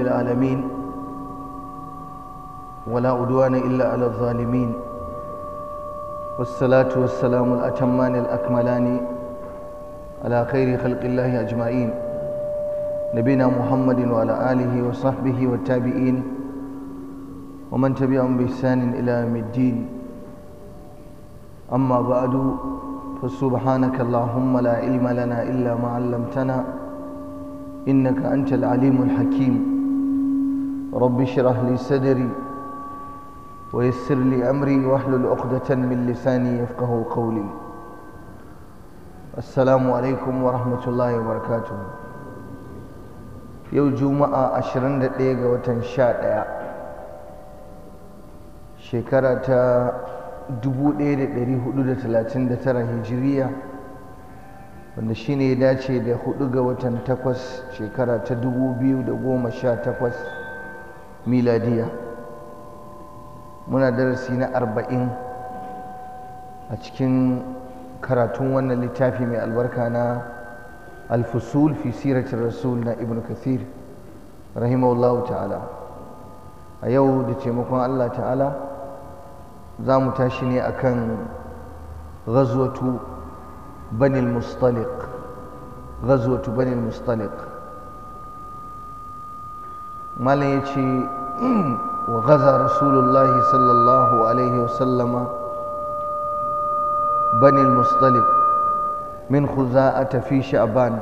العالمين ولا عدوان إلا على الظالمين والصلاة والسلام الأتمان الأكملان على خير خلق الله أجمعين نبينا محمد وعلى آله وصحبه والتابعين ومن تبعهم بإحسان إلى يوم الدين أما بعد فسبحانك اللهم لا علم لنا إلا ما علمتنا إنك أنت العليم الحكيم رب اشرح لي صدري ويسر لي أمري واحلل عقدة من لساني يفقه قولي السلام عليكم Yau Juma'a وبركاته يوم ɗaya عشرين دقيقة وتنشاء يا شكرا تا dubu ɗaya da ɗari hudu da talatin da tara hijiriya wanda shine ya dace da hudu ga watan takwas shekara ta dubu biyu da goma sha takwas miladiya muna darasi na arba'in a cikin karatun wannan littafi mai albarka na alfusul fi siratin rasul na ibn kathir rahimahullahu ta'ala a yau da taimakon allah ta'ala za mu tashi ne akan غزوة بني المصطلق غزوة مالا يجي وغزا رسول الله صلى الله عليه وسلم بني المصطلق من خزاعة في شعبان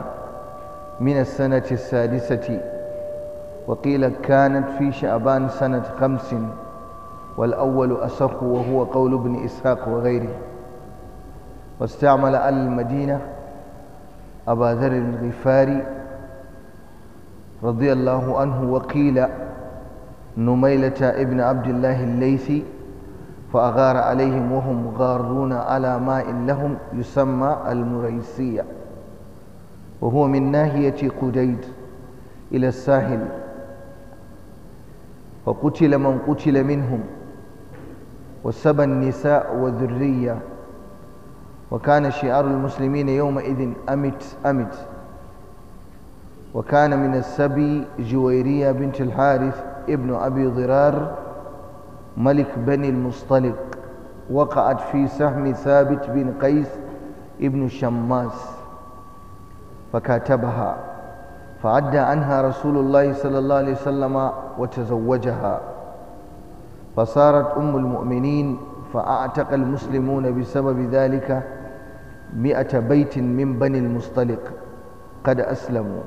من السنة السادسة وقيل كانت في شعبان سنة خمس والأول أسخ وهو قول ابن إسحاق وغيره واستعمل المدينة أبا ذر الغفاري رضي الله عنه وقيل نميلة ابن عبد الله الليثي فأغار عليهم وهم غارون على ماء لهم يسمى المريسية وهو من ناهية قديد إلى الساحل وقتل من قتل منهم وسبى النساء وذرية وكان شعار المسلمين يومئذ أمت أمت وكان من السبي جويرية بنت الحارث ابن أبي ضرار ملك بني المصطلق وقعت في سهم ثابت بن قيس ابن شماس فكاتبها فعدى عنها رسول الله صلى الله عليه وسلم وتزوجها فصارت أم المؤمنين فأعتق المسلمون بسبب ذلك مئة بيت من بني المصطلق قد أسلموا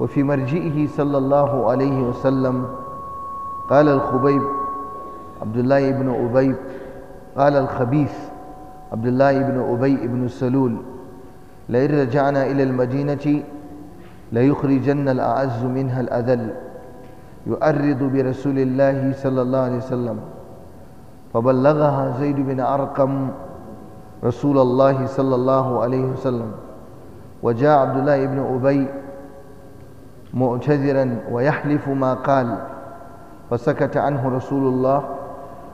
وفي مرجئه صلى الله عليه وسلم قال الخبيب عبد الله بن أبي قال الخبيث عبد الله بن أبي بن سلول لئن رجعنا إلى المدينة ليخرجن الأعز منها الأذل يؤرد برسول الله صلى الله عليه وسلم فبلغها زيد بن أرقم رسول الله صلى الله عليه وسلم وجاء عبد الله بن أبي معتذرا ويحلف ما قال وسكت عنه رسول الله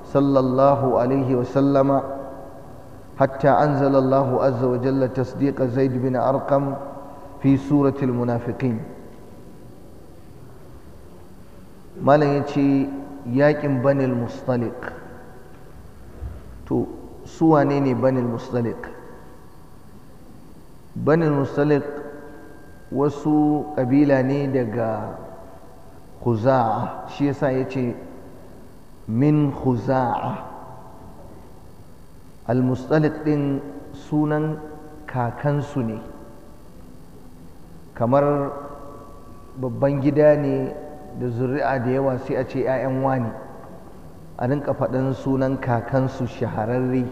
صلى الله عليه وسلم حتى أنزل الله عز وجل تصديق زيد بن أرقم في سورة المنافقين ما يتي yakin banil mustalik to su wane ne banil mustalik banil mustalik wasu ƙabila ne daga huzaa, shi yasa ya ce min huzaa? al ɗin sunan kakansu ne kamar babban gida ne da zuri'a da yawa sai a ce 'ya'yan wani a rinka faɗin sunan kakansu shahararre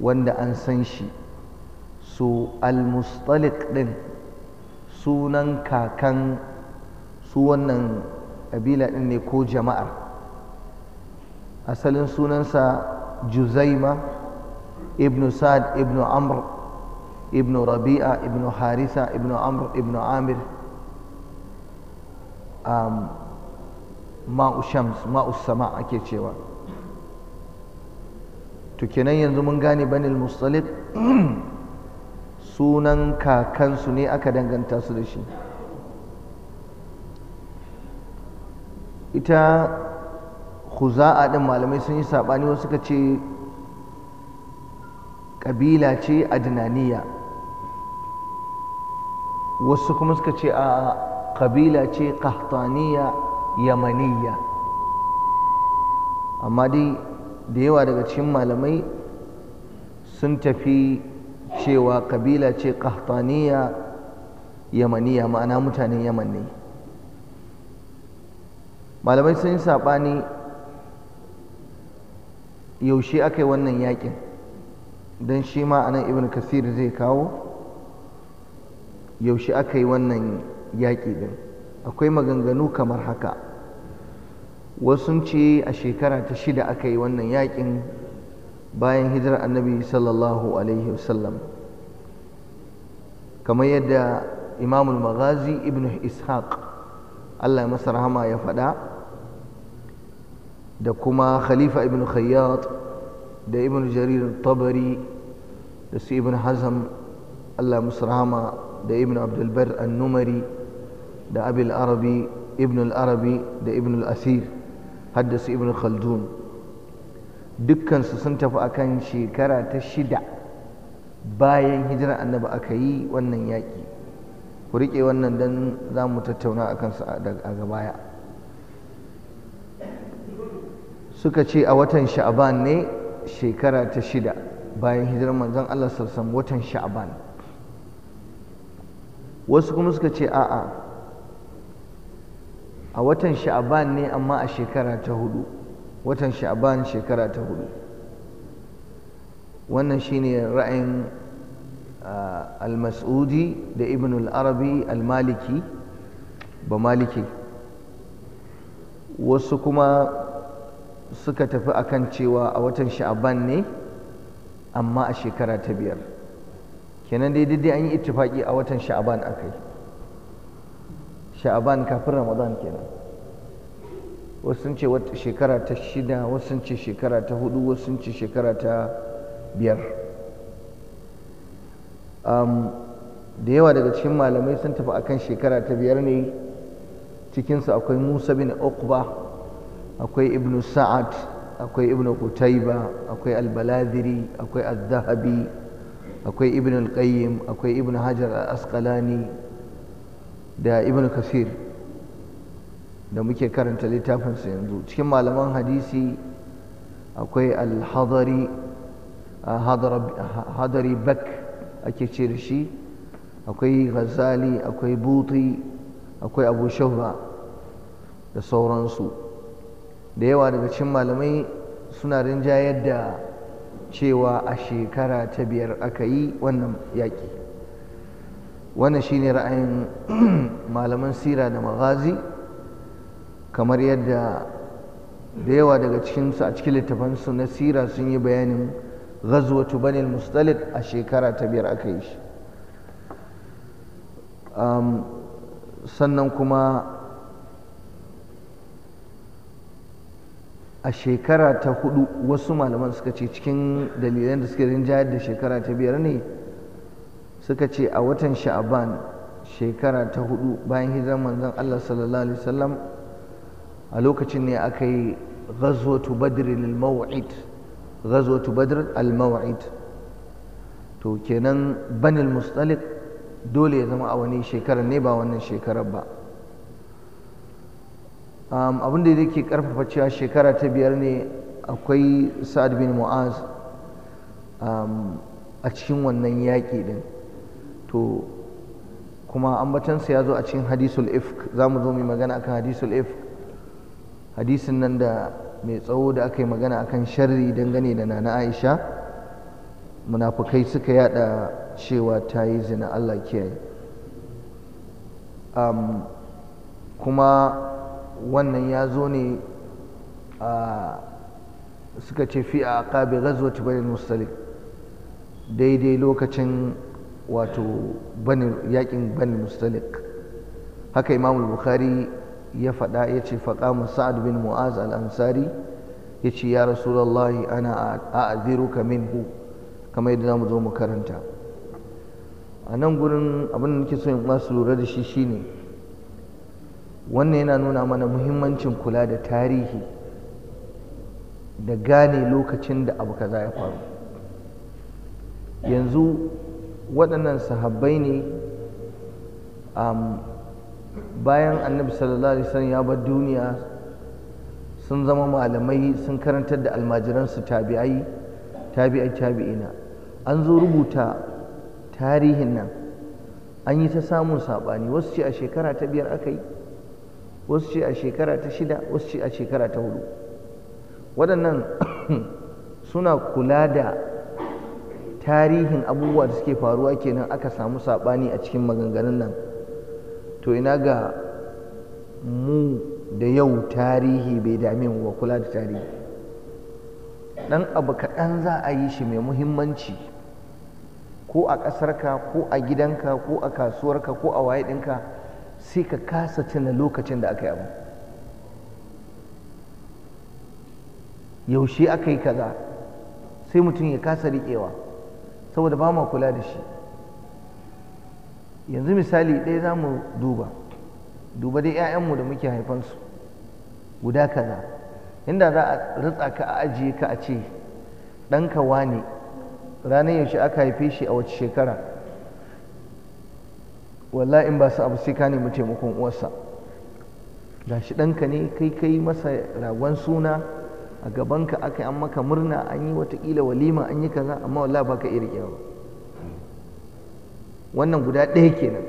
wanda an san shi so al ɗin sunan kakan su wannan ƙabila ɗin ne ko jama'ar asalin sunansa juzaima ibn sa'ad ibn amr ibn rabi'a ibn harisa ibn amr ibn amir um, ma'u shams ma'u ake cewa to kenan yanzu mun gane banil mustalik sunan kakansu ne aka danganta su da shi ita khuza'a din malamai sun yi saɓani wasu suka ce ƙabila ce adnaniya wasu kuma suka ce a ƙabila ce ƙahtaniya yamaniya amma dai da yawa daga cikin malamai sun tafi cewa kabila ce kahtaniya yamaniya ma'ana mutanen yaman ne malamai sun yi saɓani yaushe aka yi wannan yakin don shi ma anan ibn kasir zai kawo yaushe aka yi wannan yaƙi ɗin akwai maganganu kamar haka wasu ce a shekara ta shida aka yi wannan yakin bayan hijirar annabi sallallahu alaihi wasallam kamar yadda imamul maghazi ibn ishaq allah ya masa rahama ya faɗa da kuma khalifa ibn khayyat da ibn jarir tabari da su ibn hazam allah musu rahama da ibn abdulbar annumari da abil arabi ibn al-arabi da ibn al-asir haddasa ibn khaldun dukkansu sun tafi akan shekara ta shida bayan hijirar annabi aka yi wannan yaƙi ku riƙe wannan don za mu tattauna a kansu a gabaya suka ce a watan sha'aban ne shekara ta shida bayan hijirar manzon Allah sassan watan sha'aban wasu kuma suka ce a'a a watan sha'aban ne amma a shekara ta hudu watan sha'ban shekara ta hudu wannan shine ra'ayin al-mas'udi da ibn al-arabi al-maliki ba maliki wasu kuma suka tafi akan cewa a watan sha'ban ne amma a shekara ta biyar kenan dai dai an yi ittifaki a watan sha'ban akai sha'ban kafin ramadan kenan wasu sun ce shekara ta shida wasu sun ce shekara ta hudu wasu sun ce shekara ta biyar da yawa daga cikin malamai sun tafi akan shekara ta biyar ne cikinsu akwai musa bin uqba akwai ibn sa'ad akwai ibn Kutaiba, akwai al akwai al zahabi akwai ibn al-qayyim akwai ibn hajar al-asqalani da ibn kasir da muke karanta littafinsa yanzu cikin malaman hadisi akwai alhadari hadari bak ake ce da shi akwai ghazali akwai buti akwai abu shahba da sauransu da yawa daga cikin malamai suna rinjayar da cewa a shekara ta biyar aka yi wannan yaƙi wannan shine ra'ayin malaman sira da magazi kamar yadda da yawa daga cikinsu a cikin littafansu na sira sun yi bayanin ghazwatu banil mustalid a shekara ta biyar aka yi shi sannan kuma a shekara ta hudu wasu malaman suka ce cikin dalilan da suke rinjayar da shekara ta biyar ne suka ce a watan sha'aban shekara ta hudu bayan hijirar manzon Allah sallallahu alaihi wasallam a lokacin ne aka yi ghazwatu badr al-maw'id ghazwatu badr al-maw'id to kenan banil mustalik dole ya zama a wani shekarar ne ba wannan shekarar ba abin da yake karfafa cewa shekara ta biyar ne akwai sa'ad bin mu'az a cikin wannan yaƙi din to kuma ambatansa ya zo a cikin hadisul ifk za mu zo mai magana akan hadisul ifk hadisin nan da mai tsawo da aka yi magana a akan sharri dangane da nana aisha munafukai suka yada cewa ta yi zina allah kiyaye um, kuma wannan ya zo ne a suka ce fi a ƙabi ta bani musali daidai lokacin wato yakin bani mustalik haka imamul bukhari ya faɗa ya ce faƙamu sa'ad bin mu'az al-ansari ya ce ya rasulallahi ana a kamin hu kamar yadda mu zo mu karanta a nan gurin abin da nake so in masu lura da shi shine wannan yana nuna mana muhimmancin kula da tarihi da gane lokacin da abu kaza ya faru yanzu waɗannan sahabbai ne bayan annabi sallallahu alaihi wasallam ya bar duniya sun zama malamai sun karantar da almajiransu tabi'ai tabi'ai tabi'ina an zo rubuta tarihin nan an yi ta samun saɓani wasu ce a shekara ta biyar aka yi wasu ce a shekara ta shida wasu ce a shekara ta hudu waɗannan suna kula da tarihin abubuwa da suke faruwa kenan aka samu saɓani a cikin maganganun nan to ina ga mu da yau tarihi bai dami mu kula da tarihi dan abu kaɗan za a yi shi mai muhimmanci ko a ƙasarka ko a gidanka ko a kasuwarka ko a waye ɗinka sai ka kasa tuna lokacin da aka yi abu yaushe aka yi kaza sai mutum ya kasa riƙewa saboda ba ma kula da shi yanzu misali ɗaya za mu duba duba dai 'ya'yanmu da muke haifansu guda kaza inda za a ritsa ka a ajiye ka a ce ɗanka wane ranar yaushe aka haife shi a wace shekara walla in ba su abu sai ka nemi taimakon uwarsa ga shi ɗanka ne kai kai masa ragon suna a gabanka aka yi an maka murna an yi watakila walima an yi kaza amma walla baka ka iya riƙewa ba wannan guda ɗaya kenan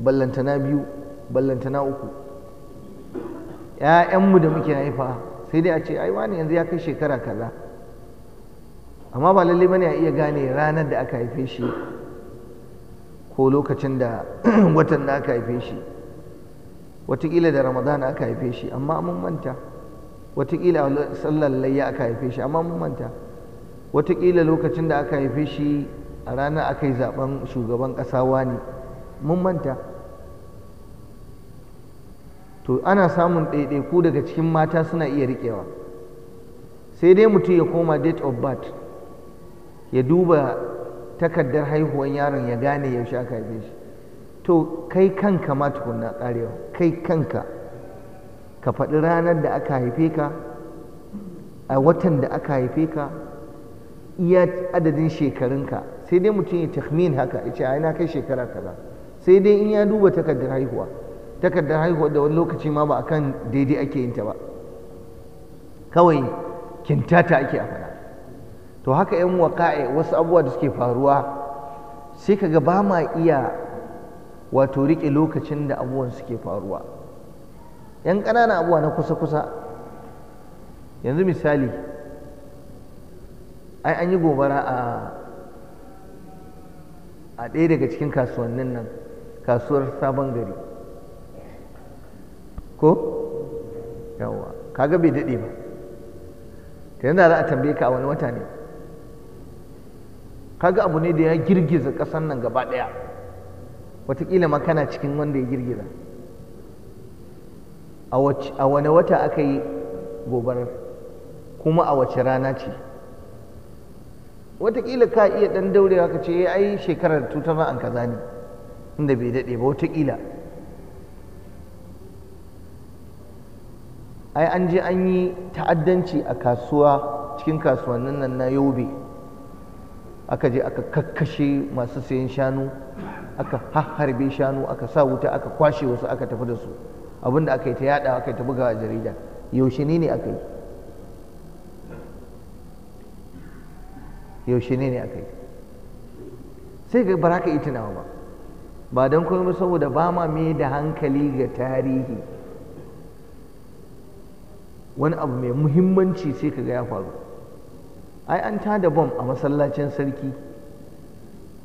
ballantana biyu ballantana uku ‘ya'yanmu da muke haifa sai dai a ce ai wani yanzu ya kai shekara kaza amma ba lalle bane a iya gane ranar da aka haife shi ko lokacin da watan da aka haife shi watakila da ramadana aka haife shi amma mun manta watakila sallar layya aka haife shi amma mun manta watakila lokacin da aka haife shi a ranar aka yi zaben shugaban ƙasa wani mun manta to ana samun ɗaiɗaiku daga cikin mata suna iya riƙewa sai dai mutum ya koma date of birth ya duba takardar haihuwan yaron ya gane yaushe aka haife shi to kai kanka ma tukunna karewa kai kanka ka faɗi ranar da aka haife ka a watan da aka haife ka iya adadin shekarunka sai dai mutum ya tahmin haka ya ce a na kai shekara kaza sai dai in ya duba takardar haihuwa takardar haihuwa da wani lokaci ma ba kan daidai ake yin ta ba kawai kintata ake a fara to haka yan waƙa'i wasu abubuwa da suke faruwa sai kaga ba ma iya wato rike lokacin da abubuwan suke faruwa yan ƙananan abubuwa na kusa-kusa yanzu misali ai an yi gobara a a ɗaya daga cikin kasuwannin nan kasuwar sabon gari ko yawa kaga bai daɗe ba ta yana za a tambaye ka a wani wata ne kaga abu ne da ya girgiza ƙasar nan gaba ɗaya watakila ma kana cikin wanda ya girgiza a wani wata aka yi gobarar kuma a wace rana ce watakila ka iya dan daurewa ka ce eh, ai shekarar tutar an kaza ne inda bai daɗe ba watakila ai an je an yi ta'addanci a kasuwa cikin kasuwannin nan na yobe aka je aka kakkashe masu sayan shanu aka harbe shanu aka sa wuta aka kwashe wasu aka tafi da su abinda aka yi ta yada aka yi ta buga jarida yaushe ne ne aka yi yaushe ne ne aka yi sai ga ba ka yi ba ba don kuma saboda ba ma mai da hankali ga tarihi wani abu mai muhimmanci sai ka ga ya faru ai an tada bom a masallacin sarki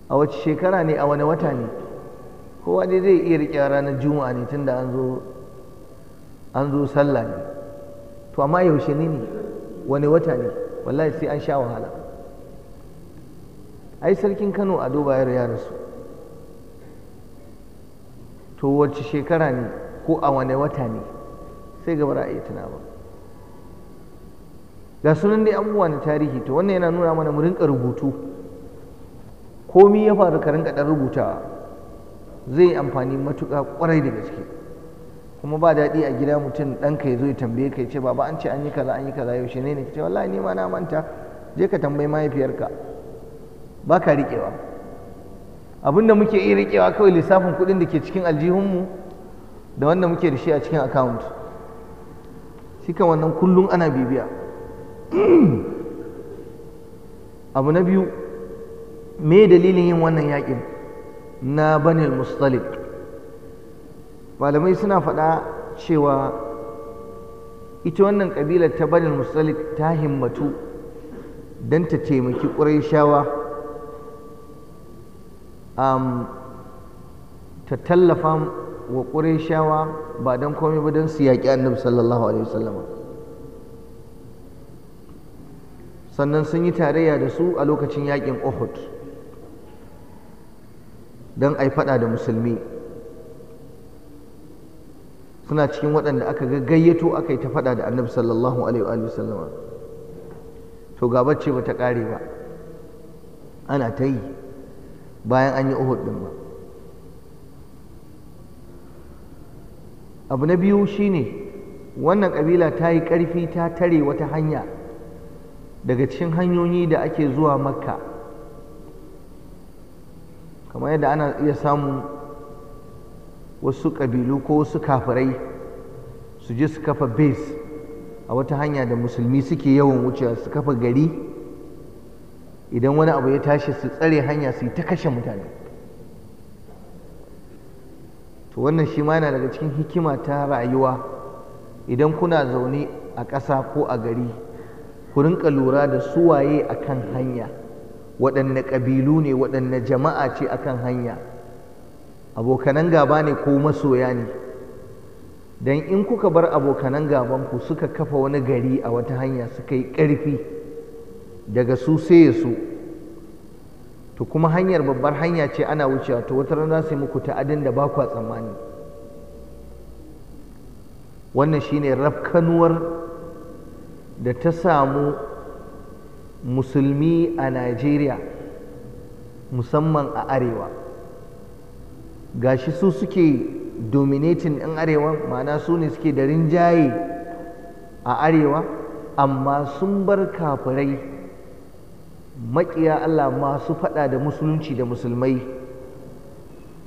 a wace shekara ne a wani wata ne kowa ne zai iya riƙe ranar juma'a ne tunda an zo an zo sallah ne to amma yaushe ne ne wani wata ne wallahi sai an sha wahala ai sarkin kano a bayar ya rasu to wacce shekara ne ko a wane wata ne sai gaba a tuna ba ga sunan dai abubuwa na tarihi to wannan yana nuna mana mu rinka rubutu komi ya faru ka rinka dan rubutawa zai yi amfani matuƙa ƙwarai daga gaske kuma ba daɗi a gida mutum ɗanka ya zo ya tambaye ka ya ce baba an ce an yi kaza an yi kaza yaushe ne ne ka ce wallahi ni ma na manta je ka tambayi mahaifiyarka ba ka riƙewa abin da muke iya riƙewa kawai lissafin kuɗin da ke cikin aljihunmu da wanda muke da shi a cikin account shi kan wannan kullum ana bibiya abu na biyu me dalilin yin wannan yakin na banil mustalik malamai suna faɗa cewa ita wannan ƙabilar ta banil mustalik ta himmatu don ta taimaki ƙurayshawa shawa Um, ta tallafa wa ƙureshawa ba don komai ba don su yaƙi annabi sallallahu alaihi wasallama sannan sun yi tarayya da su a lokacin yaƙin Uhud don a yi faɗa da musulmi suna cikin waɗanda aka gayyato aka yi ta faɗa da annabi sallallahu alaihi wasallama to gabar ce ba ta ƙare ba ana ta yi bayan an yi uhud din ba abu na biyu shine wannan ƙabila ta yi ƙarfi ta tare wata hanya daga cikin hanyoyi da ake zuwa makka kamar yadda ana iya samu wasu ƙabilu ko wasu kafirai su je su kafa base a wata hanya da musulmi suke yawan wucewa su kafa gari idan wani abu ya tashi su tsare hanya su yi ta kashe mutane to wannan shi ma yana daga cikin hikima ta rayuwa idan kuna zaune a ƙasa ko a gari ku rinka lura da suwaye a kan hanya waɗanne ƙabilu ne waɗanne jama'a ce a kan hanya abokanan gaba ne ko masoya ne don in kuka bar abokanan gabanku suka kafa wani gari a wata hanya suka yi ƙarfi daga su sai su to kuma hanyar babbar hanya ce ana wucewa to wata rana sai muku ta'adin da ba kwa tsammani wannan shine rafkanuwar da ta samu musulmi a najeriya musamman a arewa gashi su suke dominating ɗin arewa ma'ana su ne suke da rinjaye a arewa amma sun bar kafirai maƙiya Allah masu faɗa da musulunci da musulmai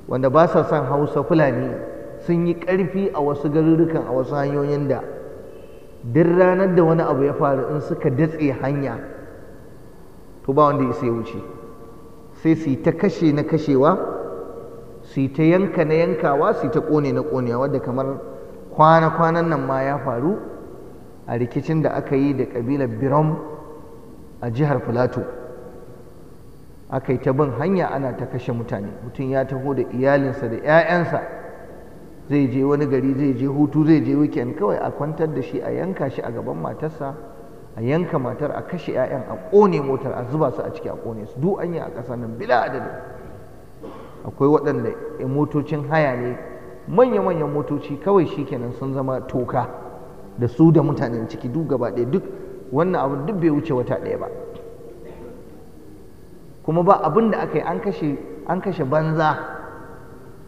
wanda ba sa son hausa fulani sun yi ƙarfi a wasu garurrukan a wasu hanyoyin da duk ranar da wani abu ya faru in suka datse hanya to ba wanda isa ya wuce sai su ta kashe na kashewa su ta yanka na yankawa su ta ƙone na ƙonewa wadda kamar kwana-kwanan nan ma ya faru a rikicin da aka yi da ƙabilar birom a jihar filato aka yi ta bin hanya ana ta kashe mutane mutum ya taho da iyalinsa da 'ya'yansa zai je wani gari zai je hutu zai je weekend kawai a kwantar da shi a yanka shi a gaban matarsa a yanka matar a kashe 'ya'yan a ƙone motar a zuba su a ciki a ƙone su duk an yi a ƙasa nan bila adadin akwai waɗanda motocin haya ne manya-manyan motoci kawai shi kenan sun zama toka da su da mutanen ciki duk gaba ɗaya duk wannan abu duk bai wuce wata ɗaya ba kuma ba abin da aka yi an kashe banza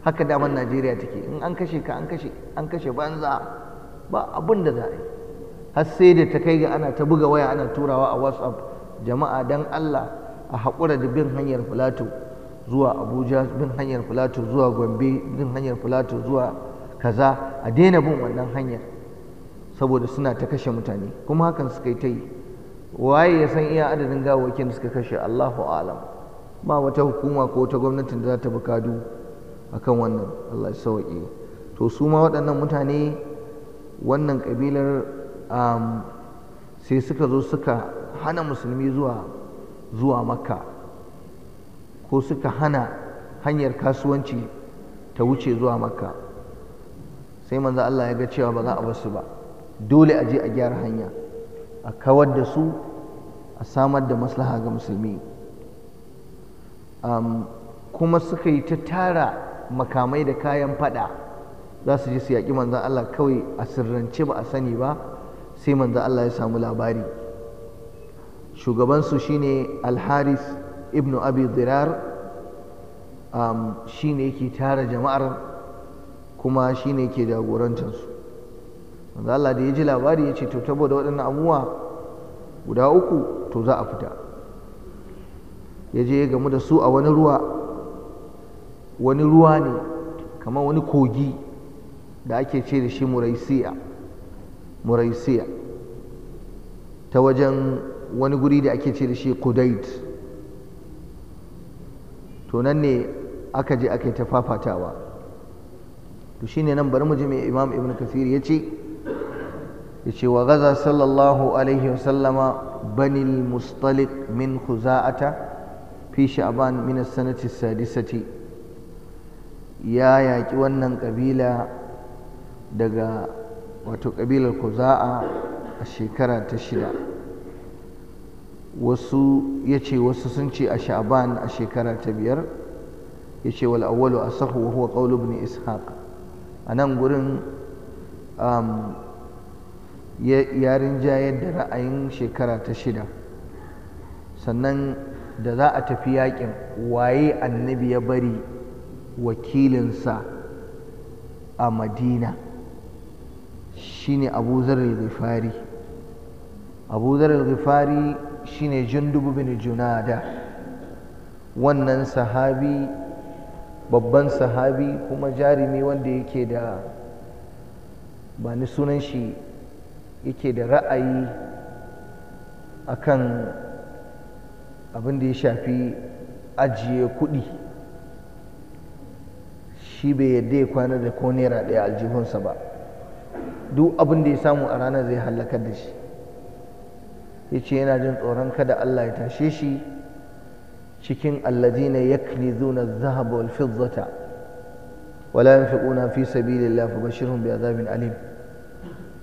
haka damar najeriya take in an kashe ka an kashe banza ba abin da za a yi har sai da ta kai ga ana ta buga waya ana turawa a whatsapp jama'a don allah a haƙura da bin hanyar filato zuwa abuja bin hanyar filato zuwa gombe bin hanyar filato zuwa kaza a daina bin wannan hanyar saboda suna ta kashe mutane kuma hakan suka yi ta yi waye ya san iya adadin gawakin da suka kashe Allahu alam ba wata hukuma ko wata gwamnati da za ta bukadu akan wannan Allah ya sauƙi to su ma waɗannan mutane wannan ƙabilar sai suka zo suka hana musulmi zuwa zuwa makka ko suka hana hanyar kasuwanci ta wuce zuwa makka sai manzo Allah ya ga cewa ba za a bar ba dole a je a gyara hanya a kawar da su a samar da maslaha ga musulmi kuma suka yi ta tara makamai da kayan fada za su je su yaƙi manzan Allah kawai a sirrance ba a sani ba sai manzan Allah ya samu labari shugabansu shine alharis ibn abi dirar shine yake tara jama'ar kuma shine yake jagorantarsu manzo Allah da ya ji labari ya ce to saboda waɗannan abubuwa guda uku to za a fita ya je ya gamu da su a wani ruwa wani ruwa ne kamar wani kogi da ake ce da shi muraisiya muraisiya ta wajen wani guri da ake ce da shi kudait to nan ne aka je aka yi ta fafatawa to shine nan bari mu ji mai imam ibn kafir ya ce yace wa gaza sallallahu alaihi wasallama bani mustalik min khuza'ata fi sha'ban min as-sanati sadisati ya yaƙi wannan ƙabila daga wato ƙabilar kuza'a a shekara ta shida wasu ya ce wasu sun ce a sha'ban a shekara ta biyar ya ce wal awwalu asahu wa huwa qawlu ibn ishaq a nan gurin um, ya rinjayar da ra'ayin shekara ta shida sannan da za a tafi yakin waye annabi ya bari wakilinsa a madina shine abu zarar rufari abu zarar ne shine jundubu bin junada wannan sahabi babban sahabi kuma jarumi wanda yake da ba ni sunan shi yake da ra'ayi akan abin da ya shafi ajiye kuɗi shi bai yadda ya kwana da ko naira ɗaya aljihunsa ba duk abin da ya samu a ranar zai hallakar da shi ya ce yana jin tsoron kada Allah ya tashe shi cikin allazina yaknizuna adh-dhahaba wal-fiddata wala yunfiquna fi sabilillahi fabashshirhum bi'adhabin alim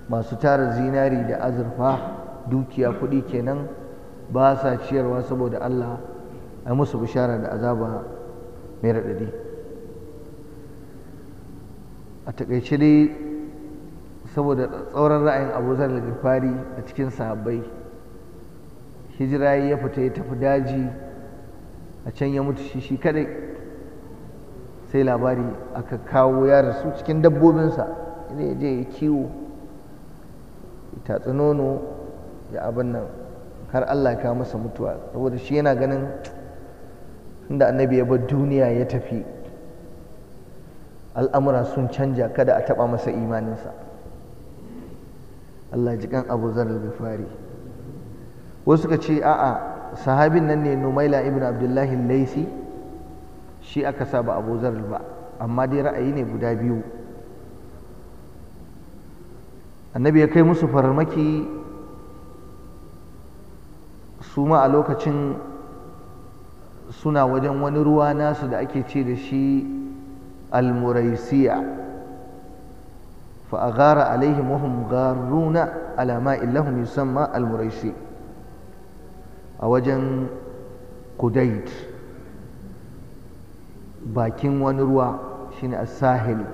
masu tara zinari da azurfa dukiya kuɗi kenan ba sa ciyarwa saboda Allah a musu bishara da azaba mai raɗaɗi a taƙaice dai saboda tsauran ra'ayin abu zar fari a cikin sahabbai hijira ya fita ya tafi daji a can ya mutu shi shi kadai sai labari aka kawo ya rasu cikin dabbobinsa inda ya je ya kiwo tatsi nono ya abin nan har Allah ya kawo masa mutuwa saboda shi yana ganin inda annabi ya bar duniya ya tafi al'amura sun canja kada a taɓa masa imaninsa Allah ji kan abu zarar wasu suka ce a'a sahabin nan ne numaila ibn abdullahi laisi shi aka saba abu zarar ba amma dai ra'ayi ne guda biyu annabi ya kai musu farmaki su ma a lokacin suna wajen wani ruwa nasu da ake ce da shi almuraisiya fa'agara alaihim wahum garuna alama illahum yusamma almuraisi a wajen kudait bakin wani ruwa shine as-sahil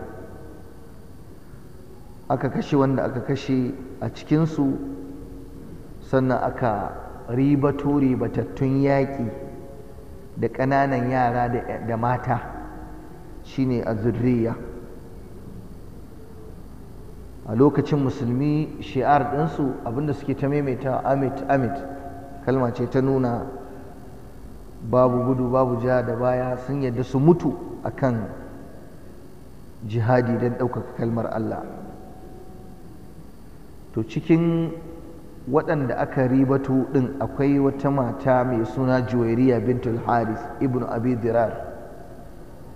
aka kashe wanda aka kashe a cikinsu sannan aka ribato ribatattun yaƙi da ƙananan yara da mata shine a zurriya a lokacin musulmi shi'ar ɗinsu abinda suke ta maimaita amit amit kalma ce ta nuna babu gudu babu ja da baya sun yadda su mutu akan jihadi don ɗaukaka kalmar Allah to cikin waɗanda aka ribato ɗin akwai wata mata mai suna juwairiya bintul haris ibn abi dirar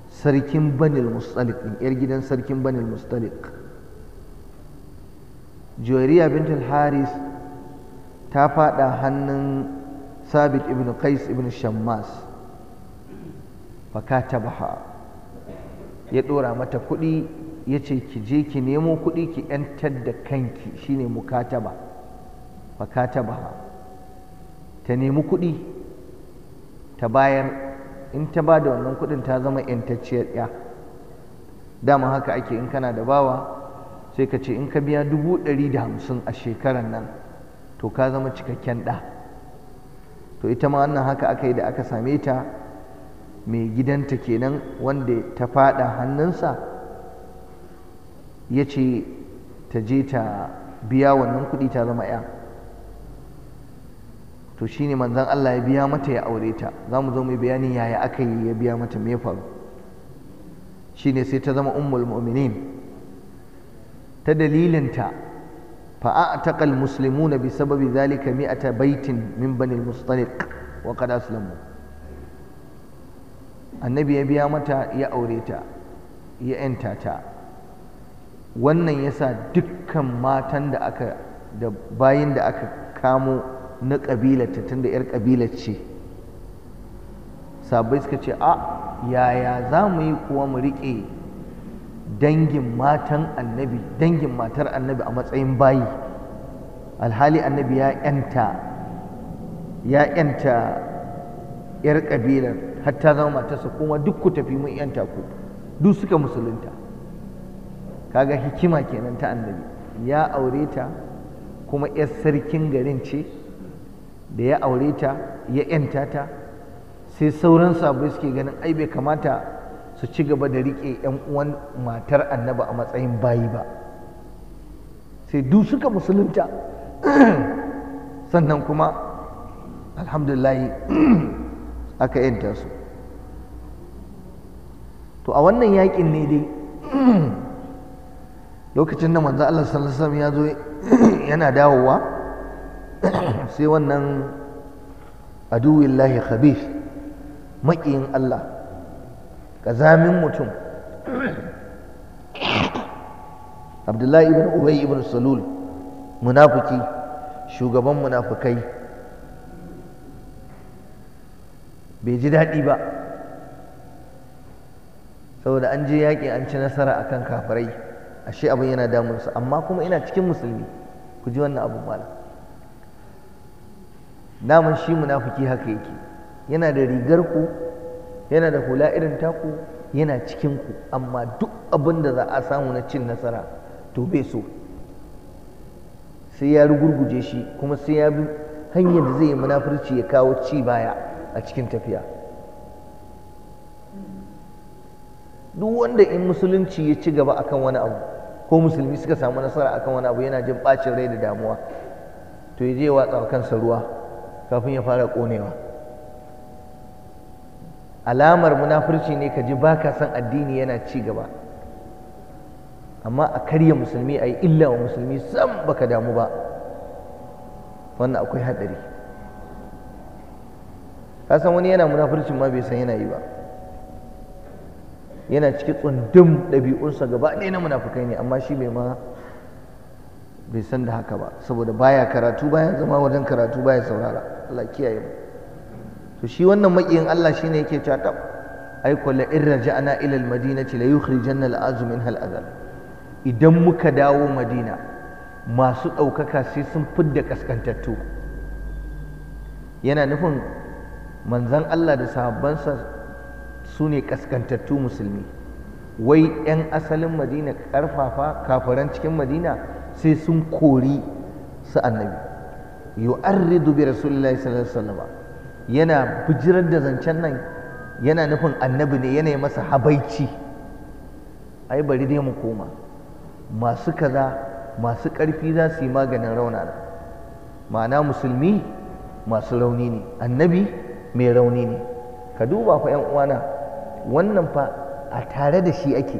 sarkin banil mustalik ɗin yar gidan sarkin banil mustalik juwairiya bintul haris ta faɗa hannun sabit ibn qais ibn shammas fakata baha ya ɗora mata kuɗi ya ce ki je ki nemo kuɗi ki ‘yantar da kanki shine mukataba ba ta nemi kuɗi ta bayar in ta ba da wannan kuɗin ta zama ‘yantacciyar ya dama haka ake in kana da bawa sai ka ce in ka biya dubu ɗari da hamsin a shekaran nan to ka zama cikakken ɗa to ita ma wannan haka aka yi da aka same ta mai gidanta kenan wanda ta faɗa hannunsa ya ce ta je ta biya wannan kuɗi ta zama ya to shine manzon Allah ya biya mata ya aure ta za mu zo mu bayani yaya aka yi ya biya mata me faru ne sai ta zama ummul mu'minin ta dalilinta فأعتق المسلمون بسبب ذلك مئة بيت من بني المصطلق وقد أسلموا النبي يبيا متى ta أوريتا يا ta. wannan yasa dukkan matan da aka da bayin da aka kamo na ƙabilarta tunda 'yar ƙabilar ce sabai suka ce a yaya za mu yi kuwa mu riƙe dangin matan annabi dangin matar annabi a matsayin bayi alhali annabi ya yanta ya yanta yar kabilar hatta zama matarsa kuma duk ku tafi mun yanta ku duk suka musulunta kaga hikima kenan ta annabi ya aure ta kuma yar sarkin garin ce da ya aure ta ya yanta ta sai sauran sabu suke ganin ai bai kamata su ci gaba da riƙe yan uwan matar annaba a matsayin bayi ba sai duk suka musulunta sannan kuma alhamdulillah aka yanta su to a wannan yakin ne dai lokacin da manzo Allah sallallahu alaihi ya zo yana dawowa sai wannan aduwillahi khabith maƙiyin Allah ƙazamin mutum Abdullahi ibn Ubay ibn Salul munafiki shugaban munafikai bai ji daɗi ba saboda an je yaƙi an ci nasara akan kafirai ashe abin yana damun su, amma kuma ina cikin musulmi ku ji wannan abin malam naman shi munafiki haka yake yana da rigar ku yana da hula irin taku yana cikin ku amma duk abin da za a samu na cin nasara to bai so sai ya rugurguje shi kuma sai ya bi hanyar da zai yi munafurci ya kawo ci baya a cikin tafiya duk wanda in musulunci ya ci gaba akan wani abu ko musulmi suka samu nasara akan wani abu yana jin bacin rai da damuwa to ya je ya watsa kansa ruwa kafin ya fara konewa alamar munafurci ne ka ji baka son addini yana ci gaba amma a karya musulmi a yi illa wa musulmi sam baka damu ba wannan akwai haɗari ka wani yana munafurcin ma bai san yana yi ba yana cikin tsundum ɗabi'unsa gaba ɗaya na munafukai ne amma shi bai ma bai san da haka ba saboda baya karatu baya zama wajen karatu baya saurara Allah kiyaye mu to shi wannan makiyin Allah shine yake cewa tab ai kullu in raja'na ila al-madinati la yukhrijanna al minha al-azal idan muka dawo madina masu ɗaukaka sai sun fidda kaskantattu yana nufin manzon Allah da sahabbansa su ne kaskantattu musulmi wai 'yan asalin madina karfafa kafiran cikin madina sai sun kori su annabi yu'arridu bi rasulullahi sallallahu alaihi yana bijirar da zancen nan yana nufin annabi ne yana masa habaici ai bari dai mu koma masu kaza masu ƙarfi za su yi maganin raunana ma'ana musulmi masu rauni ne annabi mai rauni ne ka duba fa 'yan uwana wannan fa a tare da shi ake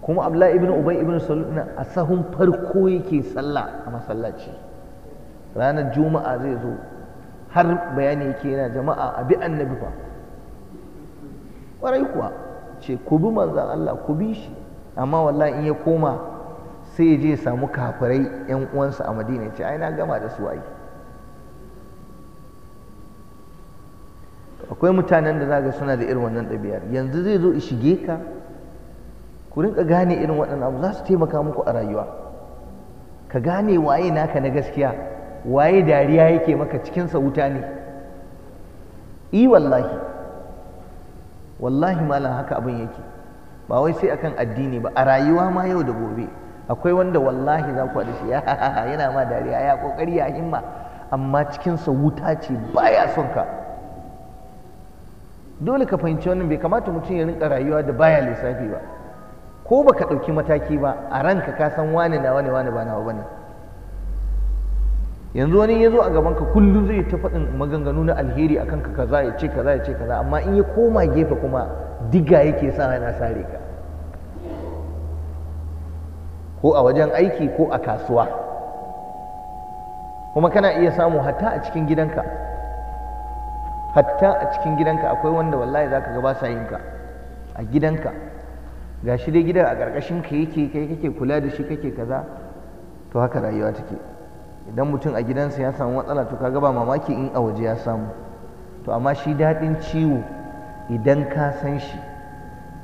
kuma abla ibn ubay ibn sulna a sahun farko yake sallah a masallaci ranar juma'a zai zo har bayani yake yana jama'a a bi annabi fa kwarai kuwa ce ku bi manzan Allah ku bi shi amma wallahi in ya koma sai ya je samu kafirai yan uwansa a madina ce ai na gama da su ai akwai mutanen da zaga suna da irin wannan ɗabi'ar yanzu zai zo shige ka ku rinka gane irin waɗannan abu za su taimaka muku a rayuwa ka gane waye naka na gaskiya waye dariya yake maka cikinsa wuta ne i wallahi wallahi malam haka abin yake ba wai sai akan addini ba a rayuwa ma yau da gobe akwai wanda wallahi za ku shi yana ma dariya ya kokari ya himma amma cikinsa wuta ce baya son ka dole ka fahimci wannan bai kamata mutum ya rinka rayuwa da baya lissafi ba ko ba ka ɗauki mataki ba a ranka ka san wane na wane wane ba nawa yanzu wani ya zo a gaban ka kullum zai ta faɗin maganganu na alheri akan ka kaza ya ce kaza ya ce kaza amma in ya koma gefe kuma diga yake sa yana sare ka ko a wajen aiki ko a kasuwa kuma kana iya samu hatta a cikin gidanka hatta a cikin gidanka akwai wanda wallahi zaka ga ba sa a gidanka ga shi dai gidan a ƙarƙashin ka yake kai kake kula da shi kake kaza to haka rayuwa take idan mutum a gidansa ya samu matsala to kaga ba mamaki in a waje ya samu to amma shi daɗin ciwo idan ka san shi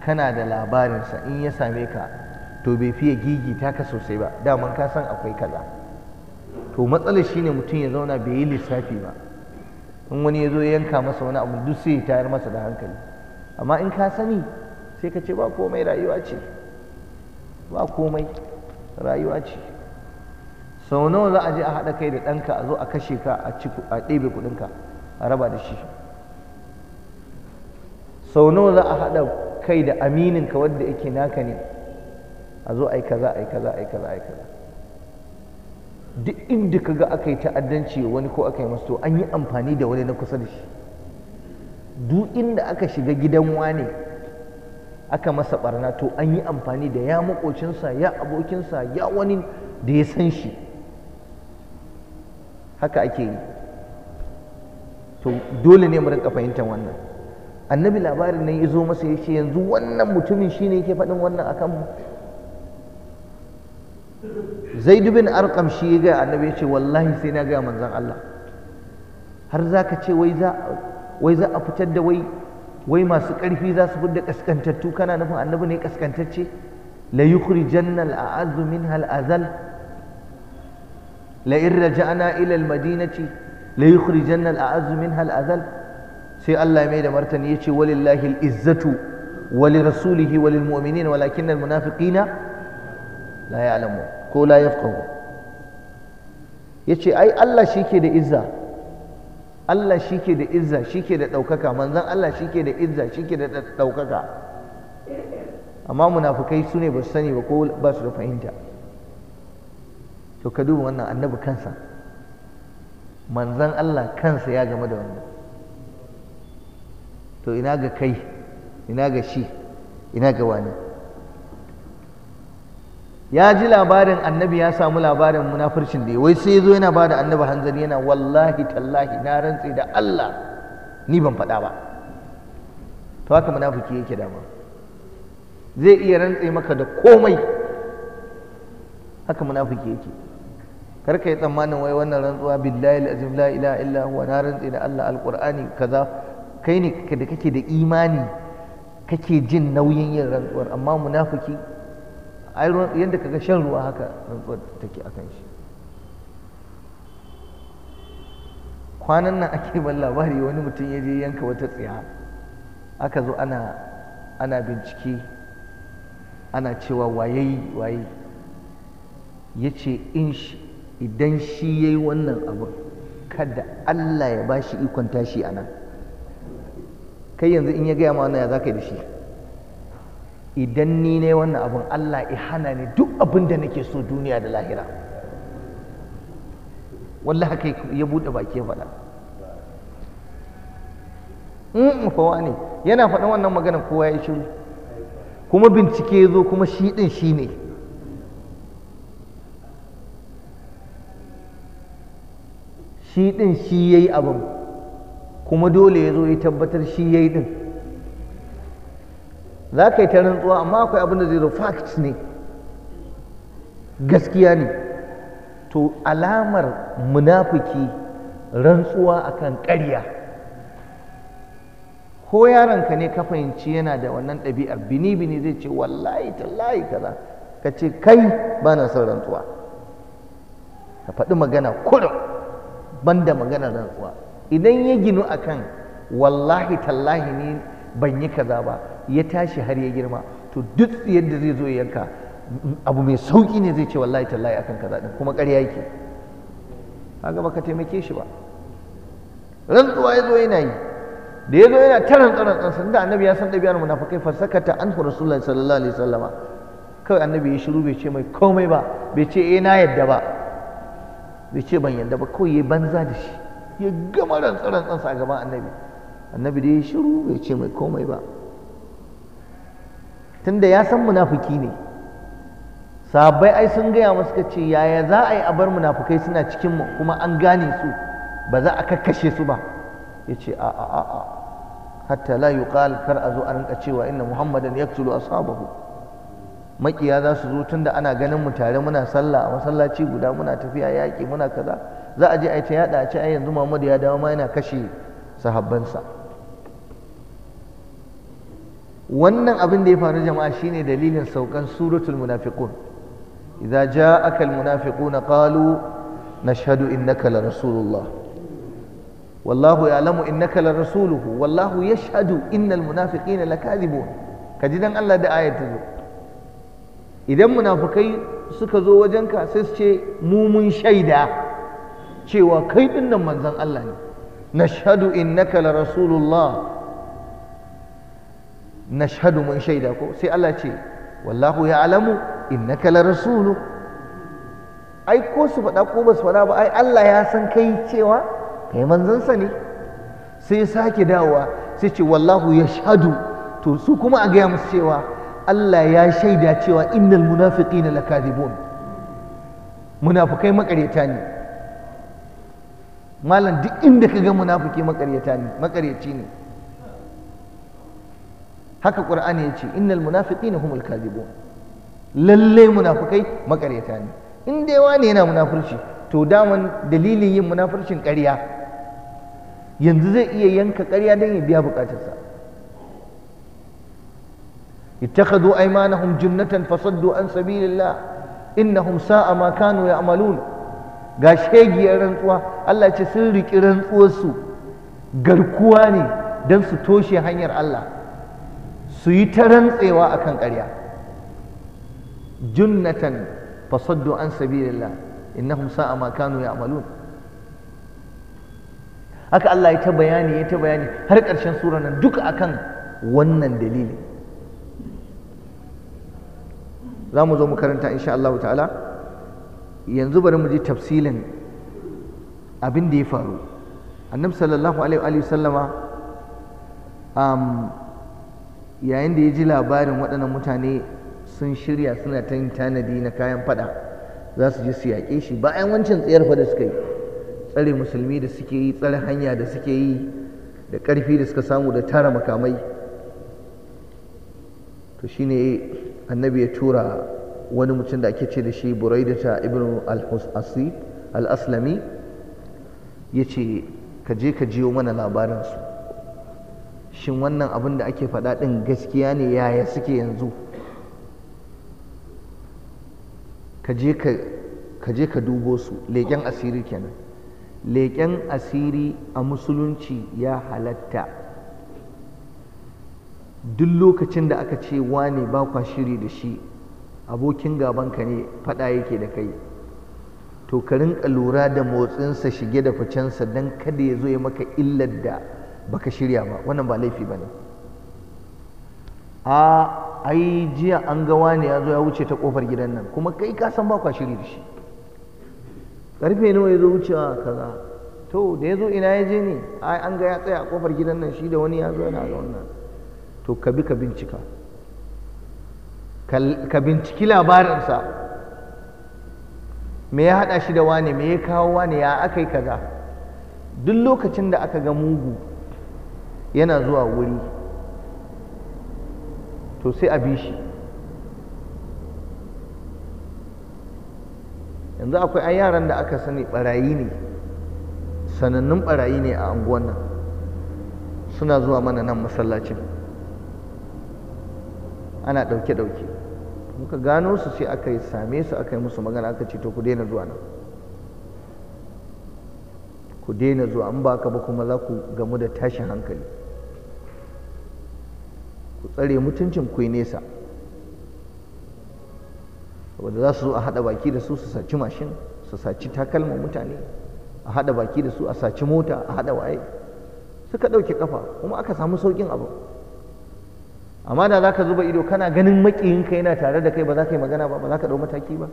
kana da labarinsa in ya same ka to bai fiye gigita ka sosai ba daman ka san akwai kaza to matsalar shine mutum ya zauna bai yi lissafi ba in wani ya zo ya yanka masa wani abu duk sai ya tayar masa da hankali amma in ka sani sai ka ce ba komai rayuwa ce ba komai rayuwa ce sau nawa za a je a haɗa kai da ɗanka a zo a kashe ka a ɗebe kuɗinka a raba da shi sau nawa za a haɗa kai da amininka wadda yake naka ne a zo a yi kaza a yi kaza a yi kaza a yi kaza duk inda ka ga aka yi ta'addanci wani ko aka yi masu to an yi amfani da wani na kusa da shi duk inda aka shiga gidan wane aka masa barna to an yi amfani da ya makocinsa ya abokinsa ya wani da ya san shi haka ake yi to dole ne mu rinka fahimtar wannan annabi labarin nan ya zo masa ya ce yanzu wannan mutumin shi ne yake faɗin wannan akan mu zaid bin arqam shi ya ga annabi ya ce wallahi sai na gaya manzan Allah har za ka ce wai za a fitar da wai wai masu ƙarfi za su fitar da kaskantattu kana nufin annabi ne kaskantacce la yukhrijanna al-a'azzu minha hal azal la in raja'na ila al-madinati la yukhrijanna al-a'azzu minha hal azal sai Allah ya mai da martani yace walillahi al-izzatu wa li rasulihi wa lil mu'minin walakinnal munafiqina la ya'lamu ko la yafqahu yace ai Allah shike da izza Allah shike da izza shike da daukaka manzan Allah shike da izza shike da daukaka amma munafukai su ne ba su sani ba ko ba su da fahimta to ka duba wannan annabi kansa manzan Allah kansa ya game da wannan to ina ga kai ina ga shi ina ga wani ya ji labarin annabi ya samu labarin munafircin da wai sai zo yana ba da annabi hanzari yana wallahi tallahi na rantse da Allah ni ban faɗa ba to haka munafiki yake dama zai iya rantse maka da komai haka munafiki yake kar ka yi tsammanin wai wannan rantsuwa billahi azim la ilaha illa huwa na rantse da Allah alqur'ani kaza kai ne da kake da imani kake jin nauyin yin rantsuwar amma munafiki a ai yadda kaga shan ruwa haka rantsuwar take akan shi kwanan nan ake ban labari wani mutum ya je yanka wata tsiya aka zo ana ana bincike ana cewa waye waye ya ce idan shi ya yi wannan abun kada Allah ya ba shi ikon tashi a nan kai yanzu in ya gaya ma wannan ya za ka yi da shi idan ni ne wannan abin Allah ya hana ni duk abin da nake so duniya da lahira wallahi haka ya bude baki ya faɗa in mm, fawa ne yana faɗin wannan magana kowa ya shiru kuma bincike ya zo kuma shi ɗin shi ne shi ɗin shi ya yi abin kuma dole ya zo ya tabbatar shi ya yi ɗin za ka yi ta rantsuwa amma akwai abin da zai fact ne gaskiya ne to alamar munafuki rantsuwa akan karya, ko yaronka ne ka fahimci yana da wannan ɗabi'ar bini bini zai ce wallahi tallahi kaza ka ce kai ba na son rantsuwa ka faɗi magana kurum banda magana rantsuwa idan ya ginu akan wallahi tallahi ne ban yi kaza ba ya tashi har ya girma to duk yadda zai zo yanka abu mai sauki ne zai ce wallahi tallahi akan kaza din kuma ƙarya yake kaga baka taimake shi ba rantsuwa ya zo yana yi da ya zo yana ta tsaron tsansa, da annabi ya san ɗabi'ar munafikai fasakata anhu rasulullahi sallallahu alaihi wasallama kawai annabi ya shiru bai ce mai komai ba bai ce eh na yadda ba bai ce ban yadda ba kawai ya banza da shi ya gama rantsa tsansa a gaban annabi annabi da ya shiru bai ce mai komai ba tunda ya san munafuki ne sahabbai ai sun gaya masu ka ce yaya za a yi a bar munafukai suna cikin mu kuma an gane su ba za a kakkashe su ba ya ce a a a a hatta la yuqal kar a zo a rinka cewa inna muhammadan a sababu. makiya za su zo tunda ana ganin mu tare muna sallah a masallaci guda muna tafiya yaƙi muna kaza za a je a yi ta yada a ce ai yanzu Muhammadu ya dawo ma yana kashe sahabbansa wannan abin da ya faru jama'a shine dalilin saukan suratul munafiqun idza ja'aka al munafiquna qalu nashhadu innaka la rasulullah wallahu ya'lamu innaka la rasuluhu wallahu yashhadu innal munafiqina lakadhibun kaji dan Allah da ayat ta zo idan munafikai suka zo wajenka sai su ce mu mun shaida cewa kai dinnan manzon Allah ne nashhadu innaka la rasulullah nashhadu mun shaida ko sai Allah ce wallahu ya'lamu innaka la rasulu ai ko su faɗa ko ba su faɗa ba ai Allah ya san kai cewa kai manzansa ne sai sake dawowa sai ce wallahu ya yashhadu to su kuma a gaya musu cewa Allah ya shaida cewa innal munafiqina lakadibun munafikai makareta ne malam duk inda ka ga munafiki makareta ne makareci ne haka ƙur'ani ya ce innal munafiqina humul kadhibun lalle munafikai makaryata ne in dai wani yana munafurci to daman dalilin yin munafurcin ƙarya yanzu zai iya yanka ƙarya don ya biya buƙatarsa ittakhadhu aymanahum junnatan fasaddu an sabilillah innahum sa'a ma kanu ya'malun ga shegiyar rantsuwa Allah ce sun riƙi rantsuwarsu garkuwa ne don su toshe hanyar Allah su yi ta rantsewa akan ƙarya junnatan fasaddu an sabilillah innahum sa'a ma kanu ya'malun haka Allah ya ta bayani ya ta bayani har ƙarshen sura nan duk akan wannan dalili za mu zo mu karanta insha Allah ta'ala yanzu bari mu ji tafsilin abin da ya faru annabi sallallahu alaihi wa sallama um, yayin da ya ji labarin waɗannan mutane sun shirya suna ta tanadi na kayan fada za su je su yaƙe shi bayan wancan tsayar fada suka yi tsare musulmi da suke yi tsare hanya da suke yi da ƙarfi da suka samu da tara makamai to shine annabi ya tura wani mutum da ake ce da shi buraidata ibn al-aslami ya ce ka je ka jiyo mana labarinsu shin wannan abin da ake faɗa ɗin gaskiya ne yaya suke yanzu ka je ka dubo su leƙen asiri kenan leƙen asiri a musulunci ya halatta duk lokacin da aka ce wane ba kwa shiri da shi abokin gabanka ne faɗa yake da kai to ka rinka lura da motsinsa shige da ficensa don kada ya zo ya maka illar da baka shirya ba wannan ba laifi ba ne a ai jiya an ga wani ya zo ya wuce ta kofar gidan nan kuma kai ka san ba kwa shiri da shi karfe nawa ya zo wucewa kaza to da ya zo ina ya je ne ai an ga ya tsaya a kofar gidan nan shi da wani ya zo yana ga wannan to ka bi ka bincika ka binciki labarinsa me ya haɗa shi da wane me ya kawo wane ya aka yi kaza duk lokacin da aka ga mugu yana zuwa wuri to sai a bi shi yanzu akwai ai yaran da aka sani barayi ne sanannun barayi ne a anguwan nan suna zuwa mana nan masallacin ana ɗauke-ɗauke muka gano su sai aka yi same su aka yi musu magana aka ce to ku daina zuwa nan ku daina zuwa an ba ka ba kuma za ku gamu da tashin hankali ku tsare mutuncin ku nesa saboda za su zo a haɗa baki da su su saci mashin su saci takalman mutane a haɗa baki da su a saci mota a haɗa waye suka ɗauke ƙafa, kuma aka samu sauƙin abu amma da za ka zuba ido kana ganin maƙiyinka yana tare da kai ba za ka yi magana ba ba za ka ɗau mataki ba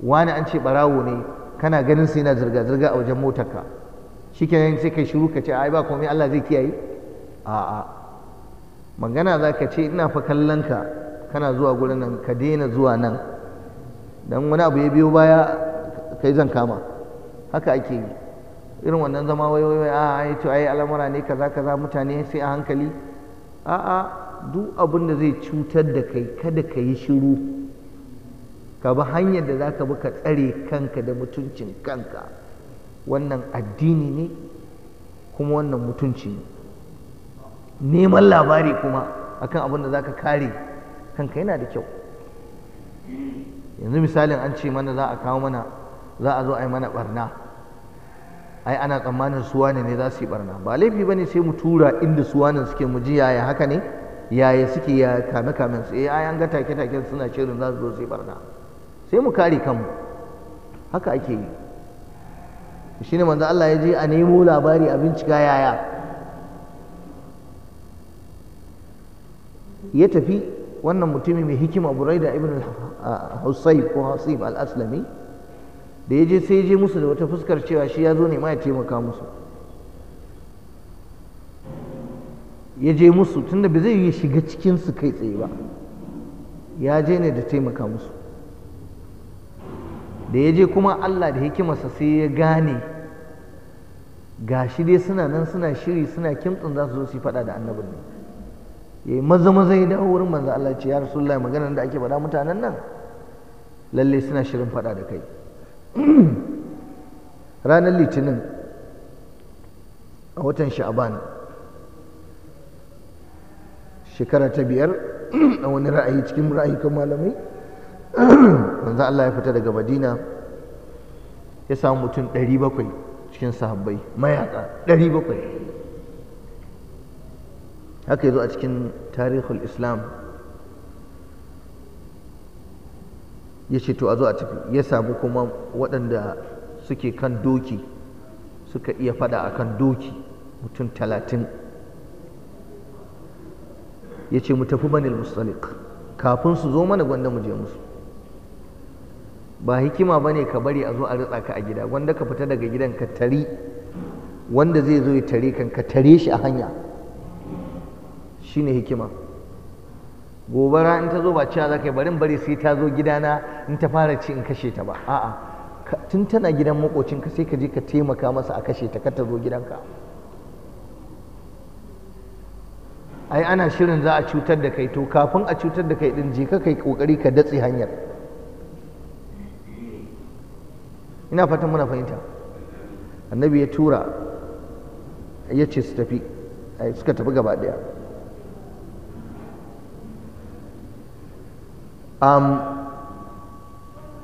wani an ce ɓarawo ne kana ganin sai yana zirga-zirga a wajen motarka shikenan sai kai shiru ka ce ai ba komai Allah zai kiyaye a'a magana za ka ce ina fa kallon ka kana zuwa gurin nan ka daina zuwa nan don wani abu ya biyo baya kai zan kama haka ake yi irin wannan zama wai wai a ah, ai to ai al'amura ne kaza kaza mutane sai a hankali a,a duk abin da zai cutar da kai kada ka yi shiru ka bi hanyar da zaka bi ka tsare kanka da mutuncin kanka wannan addini ne kuma wannan mutunci ne neman labari kuma akan abin da zaka kare kanka yana da kyau yanzu misalin an ce mana za a kawo mana za a zo a yi mana barna ai ana tsammanin suwane ne za su yi barna ba laifi ne sai mu tura inda suwanin suke muji yaya haka ne yaya suke ya kame kamen su eh ai an ga take taken suna shirin za su zo su yi barna sai mu kare kanmu haka ake yi shine manzo Allah ya je a nemo labari a bincika yaya ya tafi wannan mutumi mai hikima buraida ibn husayb ko hasib al-aslami da ya je sai je musu da wata fuskar cewa shi ya zo ne ma ya taimaka musu ya je musu tunda ba zai yi shiga cikinsu kai tsaye ba ya je ne da taimaka musu da ya je kuma Allah da hikimarsa sai ya gane ga shi dai suna nan suna shiri suna kimtsin za su zo su faɗa da annabin ne yi maza maza ya dawo wurin manzo Allah ce ya rasulullahi maganar da ake faɗa mutanen nan lalle suna shirin faɗa da kai ranar litinin a watan sha'aban shekara ta biyar a wani ra'ayi cikin ra'ayikan malamai manzo Allah ya fita daga madina ya samu mutum 700 cikin sahabbai mayaka 700 haka zo a cikin tarihul islam ya ce to a zo a ciki ya samu kuma waɗanda suke kan doki suka iya fada a kan doki mutum talatin ya ce mu tafi banil mustalik kafin su zo mana gwanda mu je musu ba hikima ba ne ka bari a zo a ritsa ka a gida wanda ka fita daga gidan ka tari wanda zai zo ya tare kan ka tare shi a hanya shine hikima gobara in ta zo ba cewa za ka yi barin bari sai ta zo gidana in ta fara ci in kashe ta ba a'a tun tana gidan makocin ka sai ka je ka taimaka masa a kashe ta kar ta zo gidanka ai ana shirin za a cutar da kai to kafin a cutar da kai din je ka kai kokari ka datse hanyar ina fatan muna fahimta annabi ya tura ya ce su tafi suka tafi gaba daya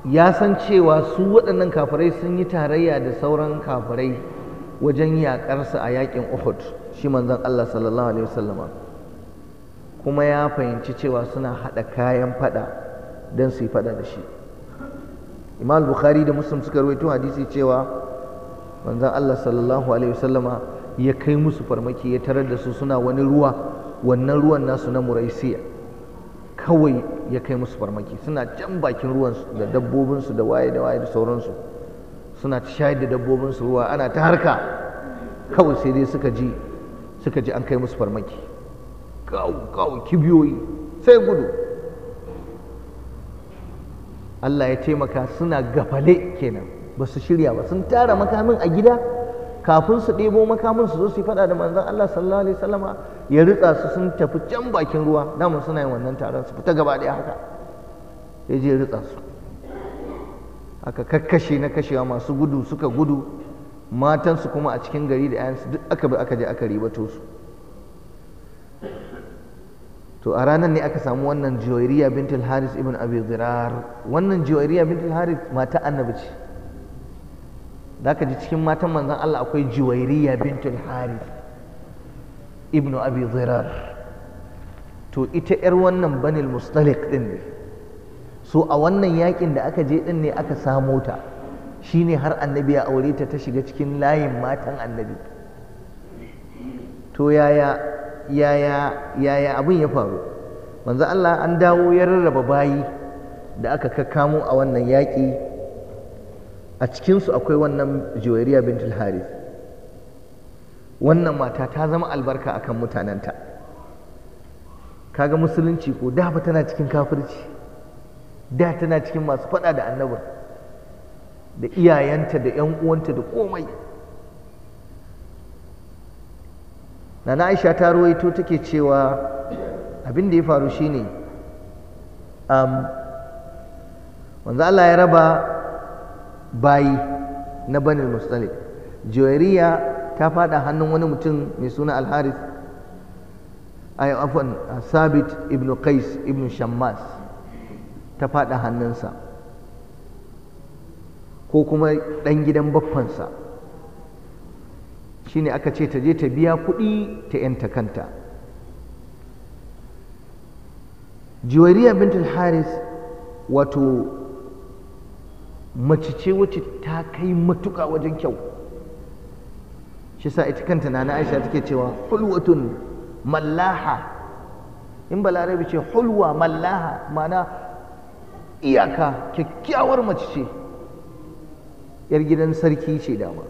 ya san cewa su waɗannan kafirai sun yi tarayya da sauran kafirai wajen yaƙarsa a yaƙin Uhud shi manzon Allah sallallahu alaihi wasallama kuma ya fahimci cewa suna haɗa kayan faɗa don su yi faɗa da shi Imam Bukhari da Muslim suka rawaito hadisi cewa manzon Allah sallallahu alaihi wasallama ya kai musu farmaki ya tarar da su suna wani ruwa wannan ruwan nasu na Muraisiya kawai ya kai musu farmaki suna can bakin ruwansu da dabbobinsu da waye da waye da sauransu suna ta shayar da dabbobinsu ruwa ana ta harka kawai sai dai suka ji suka ji an kai musu farmaki kawo kawo kibiyoyi sai gudu Allah ya taimaka suna gafale kenan ba su shirya ba sun tara makamin a gida kafin su ɗebo makamin su zo su faɗa da manzon Allah sallallahu alaihi wasallama ya ritsa su sun tafi can bakin ruwa dama suna yin wannan taron su fita gaba ɗaya haka ya je ritsa su aka kakkashe na kashewa masu gudu suka gudu matansu kuma a cikin gari da 'ya'yansu duk aka bi aka je aka ribato su to a ranar ne aka samu wannan juwairiya bintul haris ibn abi zirar wannan juwairiya bintul haris mata annabi ce za ka ji cikin matan manzan Allah akwai jiwairiya bintul hari ibnu abi zirar to ita yar wannan banil mustalik din ne so a wannan yakin da aka je din ne aka samo ta shine har annabi ya aure ta ta shiga cikin layin matan annabi to yaya yaya yaya abin ya faru manzan Allah an dawo ya rarraba bayi da aka kakkamo a wannan yaƙi a cikinsu akwai wannan juwariya bintul haris wannan mata ta zama albarka akan mutanenta kaga musulunci ko da fa tana cikin kafirci da tana cikin masu fada da annabin da iyayenta da 'yan uwanta da komai nana aisha ta ruwaito take cewa abin da ya faru shine um, wanzu Allah ya raba bayi na banil mustalif juwairiya ta fada hannun wani mutum mai suna alharis ay afwan sabit ibn Kais, ibn shammas ta fada hannunsa ko kuma ɗan gidan baffansa shine aka ce ta je ta biya kuɗi ta yanta kanta juwairiya bintul haris wato mace ce wacce ta kai matuka wajen kyau shi sa ita kanta na aisha take cewa hulwatun mallaha in larabi ce hulwa mallaha mana iyaka kyakkyawar mace ce yar gidan sarki ce dama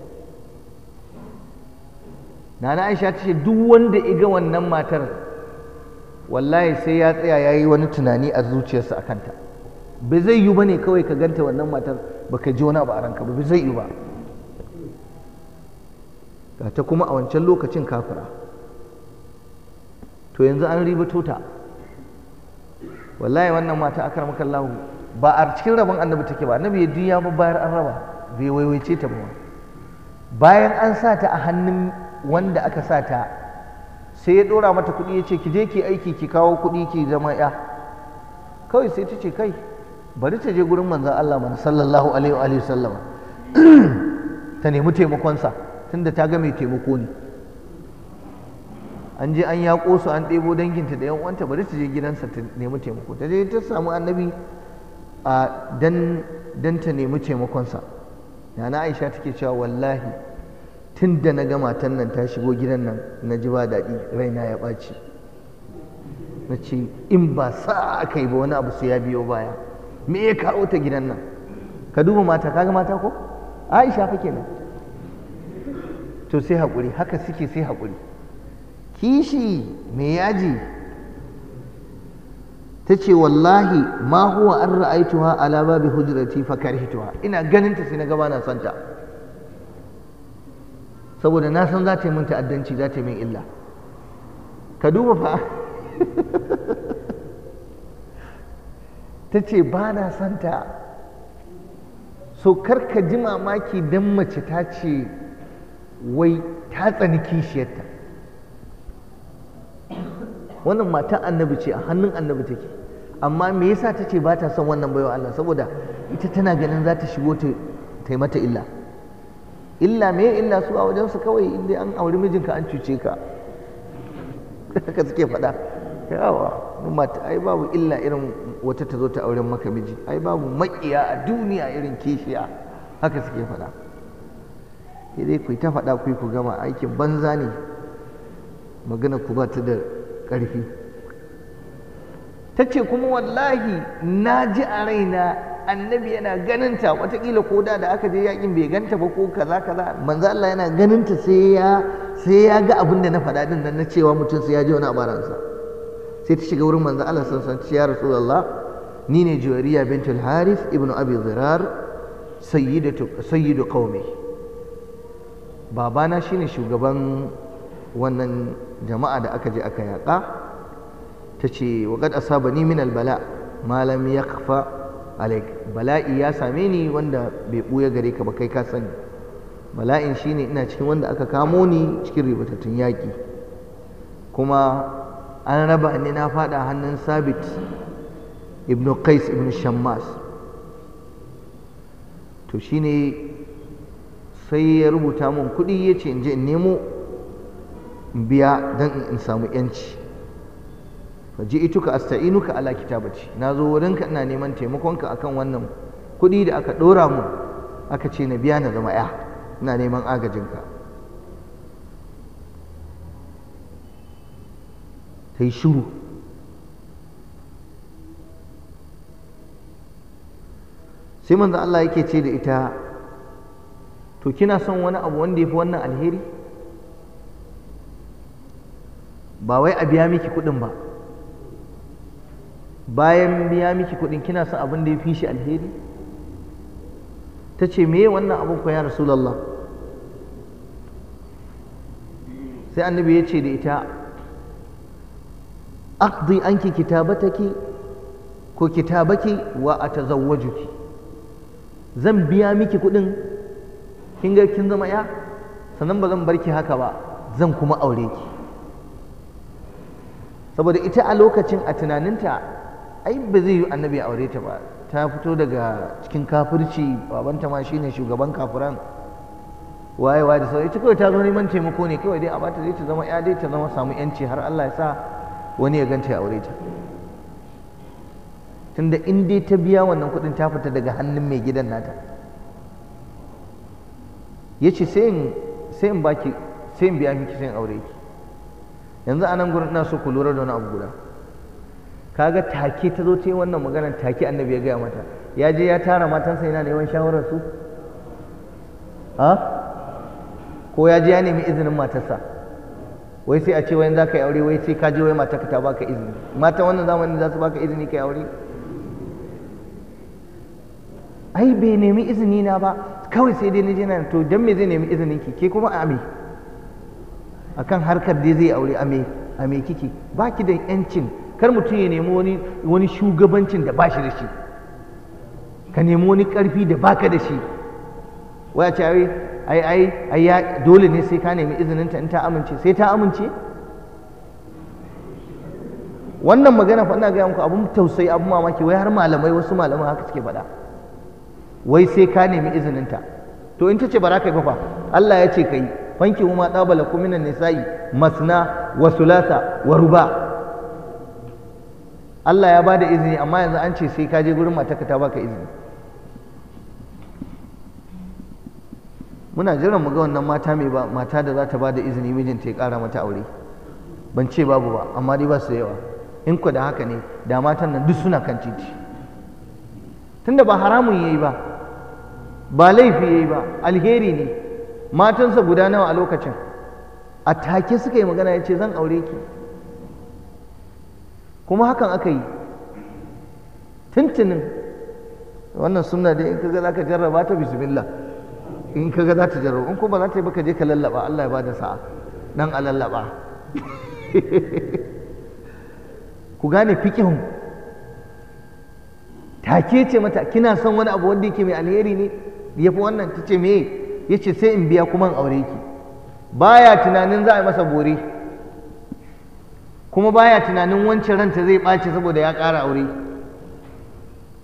nana aisha ce duk wanda iga wannan matar wallahi sai ya tsaya ya yi wani tunani a zuciyarsa a kanta ba zai yi ba ne kawai ka ganta wannan matar baka ji wani abu a ranka ba zai yi ba ga ta kuma a wancan lokacin kafira to yanzu an ribato ta wallahi wannan mata akar makallahu ba a cikin rabon annabi take ba annabi ya duya ba bayar an raba bai waiwaice ta ba bayan an sa ta a hannun wanda aka sa ta sai ya dora mata kuɗi ya ce ki je ki aiki ki kawo kuɗi ki zama ya kawai sai ta ce kai bari ta je gurin manzan Allah mana sallallahu alaihi wa sallama ta nemi taimakonsa tunda ta ga taimako ne an je an yaƙo su an ɗebo danginta da 'yan uwanta bari ta je gidansa ta nemi taimako ta je ta samu annabi a dan ta nemi taimakonsa na na aisha take cewa wallahi tun na ga matan nan ta shigo gidan nan na ji ba daɗi raina ya ɓaci na ce in ba sa aka yi ba wani abu su ya biyo baya me ya kawo ta gidan nan ka duba mata kaga mata ko aisha fa kenan to sai haƙuri haka suke sai hakuri. kishi mai yaji ta ce wallahi ma huwa an ra'aituha ala babi hujrati fa karhituha ina ganin ta sai na gaba na santa saboda na san za ta yi min ta'addanci za ta yi min illa ka duba fa ta ce ba na santa so ka ji mamaki don mace ta ce wai ta tsani kishiyarta wannan matan annabi ce a hannun annabi take amma me yasa ta ce ba ta son wannan baiwa Allah saboda ita tana ganin za ta shigo ta yi mata illa illa me illa su a wajen su kawai inda an auri mijinka an cuce ka ka suke faɗa yawa mata ai babu illa irin wata ta zo ta auren maka miji ai babu maƙiya a duniya irin kishiya haka suke faɗa sai dai ku ta faɗa ku ku gama aikin banza ne magana ku ba ta da ƙarfi ta ce kuma wallahi na ji a raina annabi yana ganinta watakila ko da da aka je yakin bai ganta ba ko kaza kaza manzo Allah yana ganinta sai ya sai ya ga abin da na faɗa din nan na cewa mutum sai ya ji wani abaransa sai ta shiga wurin manzo Allah sun san ya rasulullah ni ne juwariya bintul haris Ibn abi zirar sayyidatu sayyidu qaumi babana shine shugaban wannan jama'a da aka je aka yaƙa ta ce wa qad asabani min al bala ma lam yakhfa alaik bala'i ya same ni wanda bai buya gare ka ba kai ka sani bala'in shine ina cikin wanda aka kamo ni cikin ribatattun yaƙi kuma an raba ne na fada hannun sabit ibn qais ibn shammas to shine sai ya rubuta mun kuɗi yace in je in nemo in biya don in samu yanci faji ituka asta'inuka ala kitabaci na zo wurinka ina neman taimakonka akan wannan kuɗi da aka ɗora mun aka ce na biya na zama ya ina neman agajinka ta yi shuru sai manzo Allah yake ce da ita to kina son wani abu wanda ya fi wannan alheri ba wai a biya miki kuɗin ba bayan biya miki kuɗin kina son abin da ya fi shi alheri ta ce me wannan abin ko ya rasulallah sai annabi ya ce da ita aqdi anki kitabataki ko kitabaki wa atazawwajuki zan biya miki kuɗin kin ga kin zama ya sannan ba zan haka ba zan kuma aure ki saboda ita a lokacin a tunaninta ai ba zai yi annabi aure ta ba ta fito daga cikin kafirci babanta ma shine shugaban kafiran waye waye da sauri ita kawai ta zo neman taimako ne kawai dai a bata zai ta zama ya dai ta zama samu yanci har Allah ya sa wani ya ganta ya aure ta tunda in dai ta biya wannan kuɗin ta fita daga hannun mai gidan nata ya ce sai in baki sai in biya miki sai in aure ki yanzu a nan gurin ina so ku lura da wani abu guda kaga take ta zo ta yi wannan maganar take annabi ya gaya mata ya je ya tara matansa yana neman shawarar su ah? ko ya je ya nemi izinin matarsa wai sai a ce wani za ka yi aure wai sai ka je wai mata ka ta baka izini mata wannan zamanin za su baka izini ka yi aure ai bai nemi izini na ba kawai sai dai na je na to dan me zai nemi izinin ki ke kuma a akan harkar dai zai aure ame, ame kike baki da yancin kar mutum ya nemi wani shugabancin da ba shi da shi ka nemi wani karfi da baka da shi wai a ce ai ai ai ya dole ne sai ka nemi izininta in ta amince sai ta amince wannan magana fa ina gaya muku abun tausayi abun mamaki wai har malamai wasu malamai haka suke faɗa wai sai ka nemi izininta to in ta ce ba ka fa Allah ya ce ka yi fanki ma ɗabala ku minan nisa'i masna wa sulasa wa ruba Allah ya bada izini amma yanzu an ce sai ka je gurin matarka ta baka izini muna jiran mu ga wannan mata mai ba mata da za ta ba da izini mijinta ya ƙara mata aure ban ce babu ba amma dai ba su yawa in ku da haka ne da matan nan duk suna kan titi tunda ba haramun yayi ba ba laifi yayi ba alheri ne matansa guda nawa a lokacin a take suka yi magana ya ce zan aure ki kuma hakan aka yi tuntunin wannan sunna da in ka ga za ka jarraba ta bismillah in ga za ta jarro, in ko ba za ta yi baka je ka lallaba Allah ya bada sa'a nan a lallaba ku gane fikihun ke ce mata kina son wani abu wanda yake mai alheri ne ya fi wannan ta ce meye ya ce sai in biya kuma in aure ki baya tunanin za a yi masa bore kuma baya tunanin wancan ranta zai ɓace saboda ya ƙara aure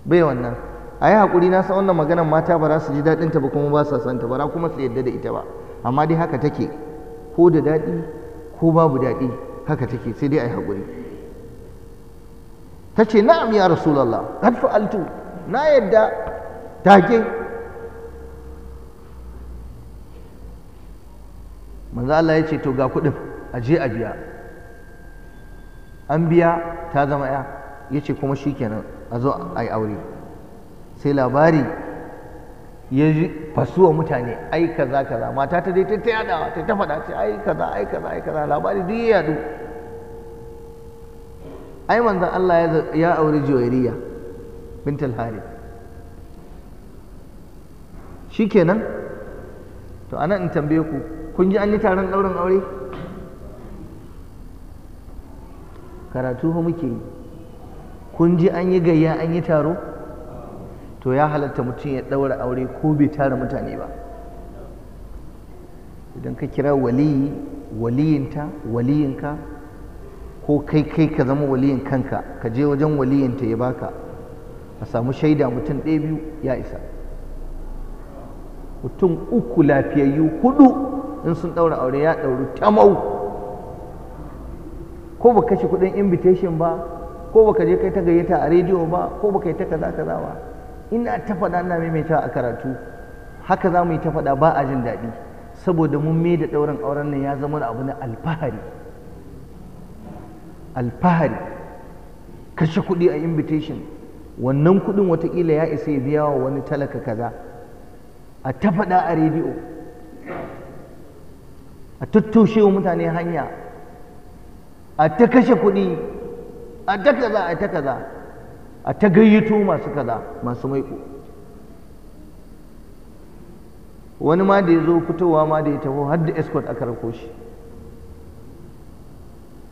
bai wannan a yi haƙuri na san wannan maganar mata ba za su ji daɗinta ba kuma ba sa santa ba za kuma su yadda da ita ba amma dai haka take ko da daɗi ko babu daɗi haka take sai dai a yi haƙuri ta ce na'am ya rasulallah qad fa'altu na yadda take manzo Allah ya ce to ga kuɗin a je a biya an biya ta zama ya ya ce kuma kenan a zo a yi aure sai labari ya ji wa mutane ai kaza kaza mata ta dai ta yada ta ta faɗa ce ai kaza ai kaza ai kaza labari duk ya yadu ai manzon Allah ya auri Juwairiya bint al-Harith shikenan to anan in tambaye ku kun ji an yi taron ɗaurin aure karatu fa muke yi kun ji an yi gayya an yi taro to ya halatta mutum ya ɗaura aure ko bai tara mutane ba idan ka kira waliyi waliyinta waliyinka ko kai kai ka zama waliyin kanka ka je wajen waliyinta ya baka a samu shaida mutum ɗaya biyu ya isa mutum uku lafiyayyu hudu in sun ɗaura aure ya ɗauru tamau ko ba kashe kuɗin invitation ba ko ba ka je kai ta gayyata a rediyo ba ko ba yi ta kaza kaza ba ina ta faɗa ina maimaita a karatu haka za mu yi ta faɗa ba a jin daɗi saboda mun mai da ɗaurin auren nan ya zama abu na alfahari alfahari kashe kuɗi a invitation wannan kuɗin watakila ya isa ya biya wa wani talaka kaza a ta faɗa a rediyo a tattaushe wa mutane hanya a ta kashe kuɗi a ta kaza a ta kaza a ta gayyato masu kaza masu maiko wani ma da ya zo fitowa ma da ya taho har da escort aka rako shi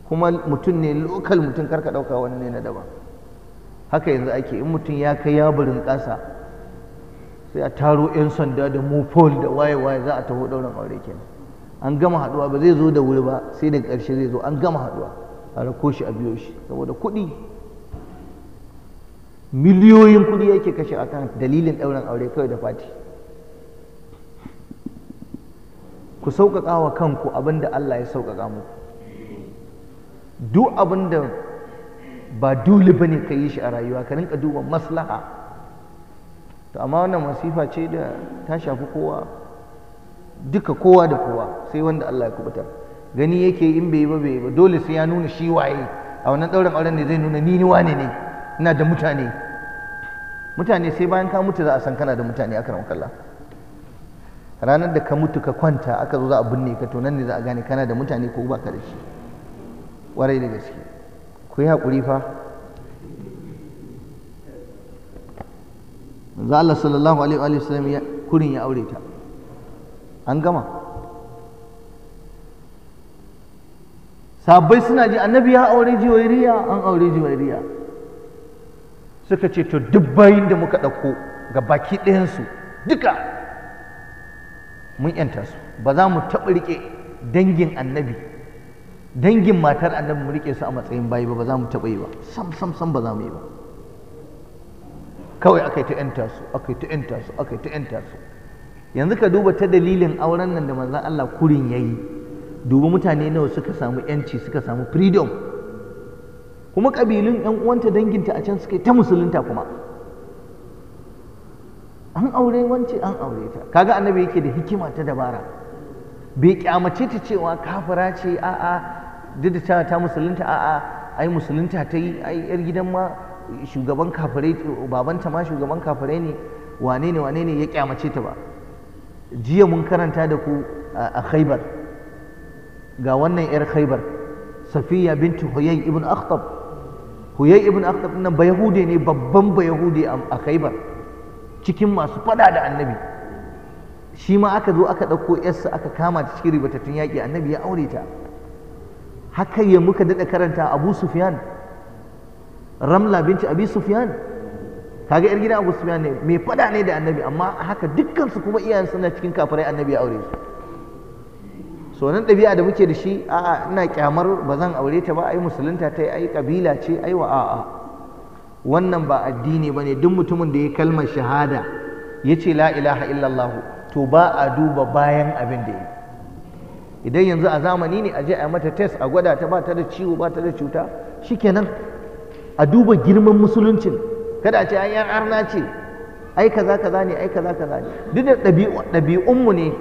kuma mutum ne lokal mutum karka ɗauka wani ne na daban haka yanzu ake in mutum ya kai yaburin ƙasa sai a taro 'yan sanda da fol da waye-waye za a taho ɗaurin aure kenan an gama haɗuwa ba zai zo da wuri ba sai da ƙarshe zai zo an gama haɗuwa a rako shi a biyo shi saboda kuɗi miliyoyin kuɗi yake kashe a kan dalilin ɗaurin aure kawai da fati ku sauƙaƙa wa kanku abin da Allah ya sauƙaƙa muku duk abin da ba dole ne ka yi shi a rayuwa ka rinka duba maslaha to amma wannan masifa ce da ta shafi kowa duka kowa da kowa sai wanda Allah ya kubuta gani yake in bai yi ba bai ba dole sai ya nuna shi waye a wannan ɗaurin auren ne zai nuna ni ni wane ne ina da mutane mutane sai bayan ka mutu za a san kana da mutane a karan kalla ranar da ka mutu ka kwanta aka zo za a binne ka to nan ne za a gane kana da mutane ko ba ka da shi warai da gaske ku yi haƙuri fa za Allah sallallahu alaihi wa sallam ya kurin ya aure ta an gama sabai suna ji annabi ya aure jiwairiya an aure jiwairiya suka ce to duk bayin da muka ɗauko ga baki ɗayansu duka mun yanta su ba za mu taɓa riƙe dangin annabi dangin matar annabi mu riƙe su a matsayin bayi ba ba za mu taɓa yi ba sam sam sam ba za mu yi ba kawai aka yi ta yanta su aka yi ta yanta su aka yi ta yanta su yanzu ka duba ta dalilin auren nan da manzon Allah kurin yayi Duba mutane nawa suka samu yanci suka samu freedom kuma ƙabilun ‘yan uwanta danginta a can suke ta musulunta kuma an aure wance an aure ta kaga annabi yake da hikima ta dabara bai kyamace ta cewa kafira ce a'a duk da ta musulunta a'a ai musulunta ta yi ai yar gidan ma shugaban kafirai babanta ma shugaban kafirai ne wane ne wane ne ya kyamace ta ba jiya mun karanta da ku a khaibar ga wannan yar khaibar safiya bintu huyay ibn akhtab huyai ibn akhtab nan ba yahude ne babban ba yahude a khaibar cikin masu fada da annabi shi ma aka zo aka ɗauko yarsa aka kama ta cikin ribatattun yaƙi annabi ya aure ta haka ya muka daɗa karanta abu sufyan ramla binci abi sufyan kaga yar gidan abu sufyan ne mai fada ne da annabi amma haka dukkan su kuma iyayen suna cikin kafirai annabi ya aure su so nan ɗabi'a da muke da shi a'a ina kyamar ba zan aure ta ba ai musulunta ta ai kabila ce ai wa a'a wannan ba addini bane duk mutumin da ya kalmar shahada ya ce la ilaha illallah to ba a duba bayan abin da ya idan yanzu a zamani ne a je a mata test a gwada ta ba ta da ciwo ba ta da cuta shikenan a duba girman musuluncin kada a ce ai yan arna ce ai kaza kaza ne ai kaza kaza ne duk da ɗabi'unmu ne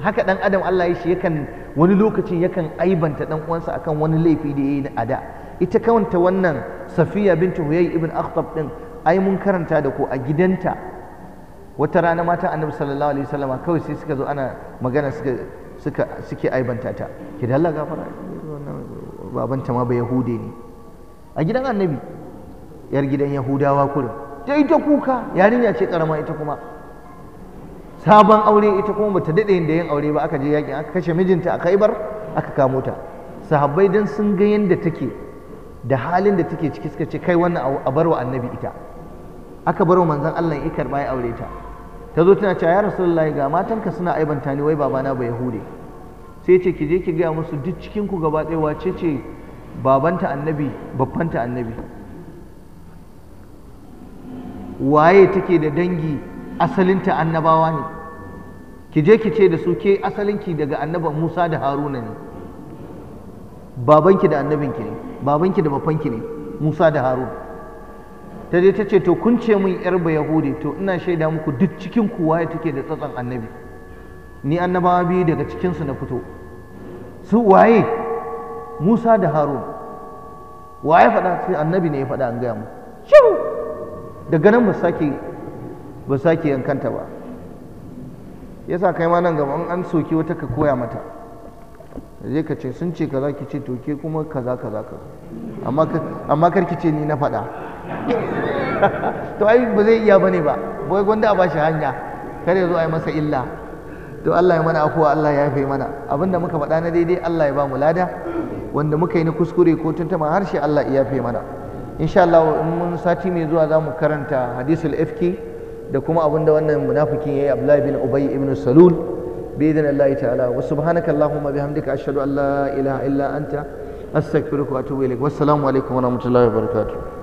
haka dan adam Allah ya shi yakan wani lokacin yakan aibanta dan uwansa akan wani laifi da yi a da ita kawanta wannan Safiya bintu Huyay ibn Akhtab din ai mun karanta da ko a gidanta wata rana mata Annabi sallallahu alaihi wasallama kawai sai suka zo ana magana suka suka suke aibanta ta da Allah gafara babanta ma ba yahude ne a gidan Annabi yar gidan Yahudawa kurin ta ita kuka yarinya ce karama ita kuma sabon aure ita kuma bata daɗe da yin aure ba aka je yakin aka kashe mijinta a kaibar aka kamo ta sahabbai dan sun ga yadda take da halin da take ciki suka ce kai wannan a barwa annabi ita aka barwa manzon Allah ya karba ya aure ta ta zo tana cewa ya rasulullahi ga matanka suna aibanta ni wai babana ba yahude sai ce ki je ki gaya musu duk cikin ku gaba ɗaya wace ce babanta annabi babbanta annabi waye take da dangi asalinta annabawa ne ki je ki ce da su ke asalinki daga annaban Musa da Haruna ne babanki da annabinki ne babanki da bafanki ne Musa da Haruna ta je ta ce to kun ce min yar ba Yahudi to ina shaida muku duk cikin kuwa ya take da tsatsan annabi ni annabawa biyu daga cikinsu na fito su waye Musa da Harun waye faɗa sai annabi ne ya faɗa an gaya mu shiru daga nan ba sake ba sake yankanta ba yasa kai ma nan gaba an soki wata ka koya mata zai ka ce sun ce kaza ki ce to ke kuma kaza kaza ka amma kar ki ce ni na faɗa to ai ba zai iya bane ba bai gwanda a bashi hanya kar ya zo a yi masa illa to Allah ya mana afuwa Allah ya yafe mana abinda muka faɗa na daidai Allah ya ba mu lada wanda muka yi na kuskure ko tuntuma harshe Allah ya yafe mana insha Allah in mun sati mai zuwa za mu karanta hadisul ifki da kuma abin da wannan munafikin yayi Abdullahi bin Ubay ibn Salul bi idnillahi ta'ala wa subhanaka allahumma bihamdika ashhadu an la ilaha illa anta astaghfiruka wa atubu ilaik wassalamu alaikum wa rahmatullahi wa barakatuh